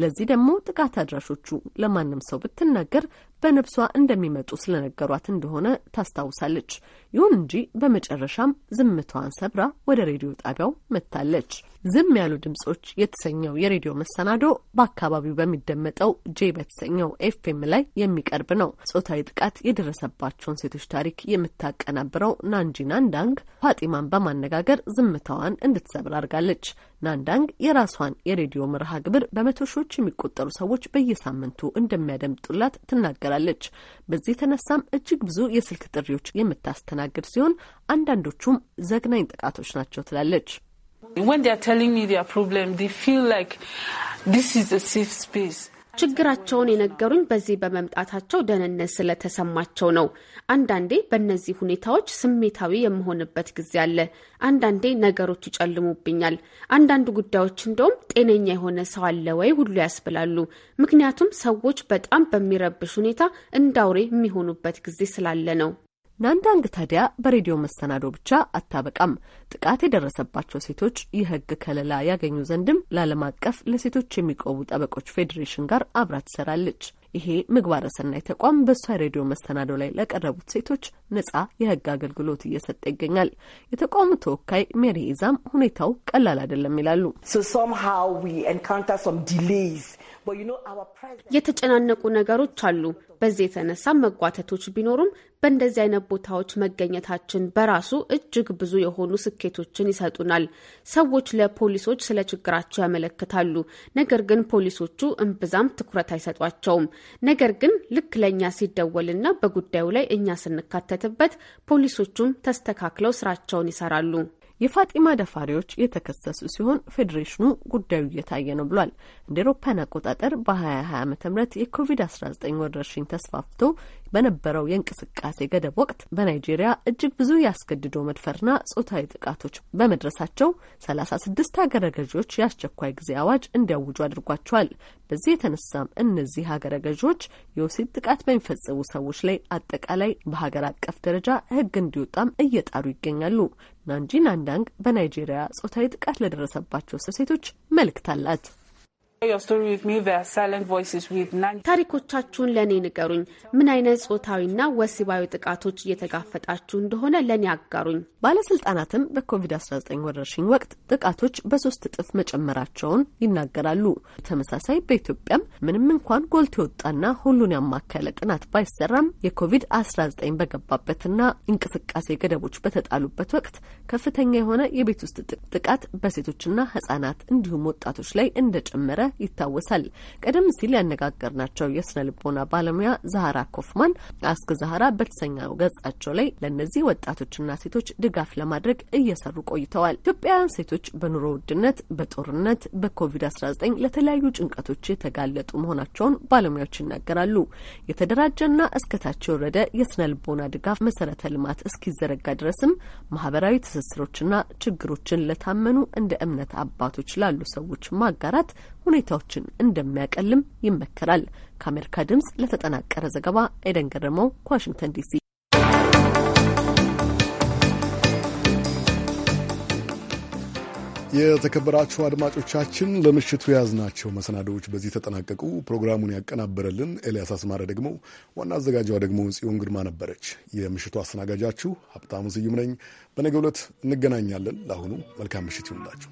ለዚህ ደግሞ ጥቃት አድራሾቹ ለማንም ሰው ብትናገር በነብሷ እንደሚመጡ ስለነገሯት እንደሆነ ታስታውሳለች። ይሁን እንጂ በመጨረሻም ዝምታዋን ሰብራ ወደ ሬዲዮ ጣቢያው መጥታለች። ዝም ያሉ ድምጾች የተሰኘው የሬዲዮ መሰናዶ በአካባቢው በሚደመጠው ጄ በተሰኘው ኤፍኤም ላይ የሚቀርብ ነው። ጾታዊ ጥቃት የደረሰባቸውን ሴቶች ታሪክ የምታቀናብረው ናንጂ ናንዳንግ ፋጢማን በማነጋገር ዝምታዋን እንድትሰብር አድርጋለች። ናንዳንግ የራሷን የሬዲዮ መርሃ ግብር በመቶ ሺዎች የሚቆጠሩ ሰዎች በየሳምንቱ እንደሚያደምጡላት ትናገራለች። በዚህ የተነሳም እጅግ ብዙ የስልክ ጥሪዎች የምታስተናግድ ሲሆን አንዳንዶቹም ዘግናኝ ጥቃቶች ናቸው ትላለች። ችግራቸውን የነገሩኝ በዚህ በመምጣታቸው ደህንነት ስለተሰማቸው ነው። አንዳንዴ በእነዚህ ሁኔታዎች ስሜታዊ የምሆንበት ጊዜ አለ። አንዳንዴ ነገሮች ይጨልሙብኛል። አንዳንድ ጉዳዮች እንደውም ጤነኛ የሆነ ሰው አለ ወይ ሁሉ ያስብላሉ። ምክንያቱም ሰዎች በጣም በሚረብሽ ሁኔታ እንዳውሬ የሚሆኑበት ጊዜ ስላለ ነው። ናንዳንግ ታዲያ በሬዲዮ መሰናዶ ብቻ አታበቃም። ጥቃት የደረሰባቸው ሴቶች የህግ ከለላ ያገኙ ዘንድም ለዓለም አቀፍ ለሴቶች የሚቆሙ ጠበቆች ፌዴሬሽን ጋር አብራ ትሰራለች። ይሄ ምግባረ ሰናይ ተቋም በእሷ ሬዲዮ መሰናዶ ላይ ለቀረቡት ሴቶች ነጻ የህግ አገልግሎት እየሰጠ ይገኛል። የተቋሙ ተወካይ ሜሪ ኢዛም ሁኔታው ቀላል አይደለም ይላሉ። የተጨናነቁ ነገሮች አሉ። በዚህ የተነሳ መጓተቶች ቢኖሩም በእንደዚህ አይነት ቦታዎች መገኘታችን በራሱ እጅግ ብዙ የሆኑ ስኬቶችን ይሰጡናል። ሰዎች ለፖሊሶች ስለ ችግራቸው ያመለክታሉ፣ ነገር ግን ፖሊሶቹ እምብዛም ትኩረት አይሰጧቸውም። ነገር ግን ልክ ለእኛ ሲደወልና በጉዳዩ ላይ እኛ ስንካተትበት ፖሊሶቹም ተስተካክለው ስራቸውን ይሰራሉ። የፋጢማ ደፋሪዎች የተከሰሱ ሲሆን ፌዴሬሽኑ ጉዳዩ እየታየ ነው ብሏል። እንደ ኤሮፓን አቆጣጠር በ2020 ዓ ም የኮቪድ-19 ወረርሽኝ ተስፋፍቶ በነበረው የእንቅስቃሴ ገደብ ወቅት በናይጄሪያ እጅግ ብዙ ያስገድዶ መድፈርና ጾታዊ ጥቃቶች በመድረሳቸው ሰላሳ ስድስት ሀገረ ገዢዎች የአስቸኳይ ጊዜ አዋጅ እንዲያውጁ አድርጓቸዋል። በዚህ የተነሳም እነዚህ ሀገረ ገዢዎች የወሲብ ጥቃት በሚፈጽሙ ሰዎች ላይ አጠቃላይ በሀገር አቀፍ ደረጃ ሕግ እንዲወጣም እየጣሩ ይገኛሉ። ናንጂ ናንዳንግ በናይጄሪያ ጾታዊ ጥቃት ለደረሰባቸው ሴቶች መልእክት አላት። ታሪኮቻችሁን ለእኔ ንገሩኝ። ምን አይነት ጾታዊና ወሲባዊ ጥቃቶች እየተጋፈጣችሁ እንደሆነ ለእኔ አጋሩኝ። ባለስልጣናትም በኮቪድ-19 ወረርሽኝ ወቅት ጥቃቶች በሶስት እጥፍ መጨመራቸውን ይናገራሉ። በተመሳሳይ በኢትዮጵያም ምንም እንኳን ጎልቶ የወጣና ሁሉን ያማከለ ጥናት ባይሰራም የኮቪድ-19 በገባበትና እንቅስቃሴ ገደቦች በተጣሉበት ወቅት ከፍተኛ የሆነ የቤት ውስጥ ጥቃት በሴቶችና ህጻናት እንዲሁም ወጣቶች ላይ እንደጨመረ ይታወሳል። ቀደም ሲል ያነጋገርናቸው የስነ ልቦና ባለሙያ ዛህራ ኮፍማን አስክ ዛህራ በተሰኘው ገጻቸው ላይ ለእነዚህ ወጣቶችና ሴቶች ድጋፍ ለማድረግ እየሰሩ ቆይተዋል። ኢትዮጵያውያን ሴቶች በኑሮ ውድነት፣ በጦርነት፣ በኮቪድ-19 ለተለያዩ ጭንቀቶች የተጋለጡ መሆናቸውን ባለሙያዎች ይናገራሉ። የተደራጀና እስከታች የወረደ የስነ ልቦና ድጋፍ መሰረተ ልማት እስኪዘረጋ ድረስም ማህበራዊ ትስስሮችና ችግሮችን ለታመኑ እንደ እምነት አባቶች ላሉ ሰዎች ማጋራት ሁኔታዎችን እንደሚያቀልም ይመከራል። ከአሜሪካ ድምጽ ለተጠናቀረ ዘገባ ኤደን ገረመው ከዋሽንግተን ዲሲ። የተከበራችሁ አድማጮቻችን ለምሽቱ የያዝናቸው መሰናዶዎች በዚህ ተጠናቀቁ። ፕሮግራሙን ያቀናበረልን ኤልያስ አስማረ ደግሞ ዋና አዘጋጇ ደግሞ ጽዮን ግርማ ነበረች። የምሽቱ አስተናጋጃችሁ ሀብታሙ ስዩም ነኝ። በነገ ዕለት እንገናኛለን። ለአሁኑ መልካም ምሽት ይሁንላችሁ።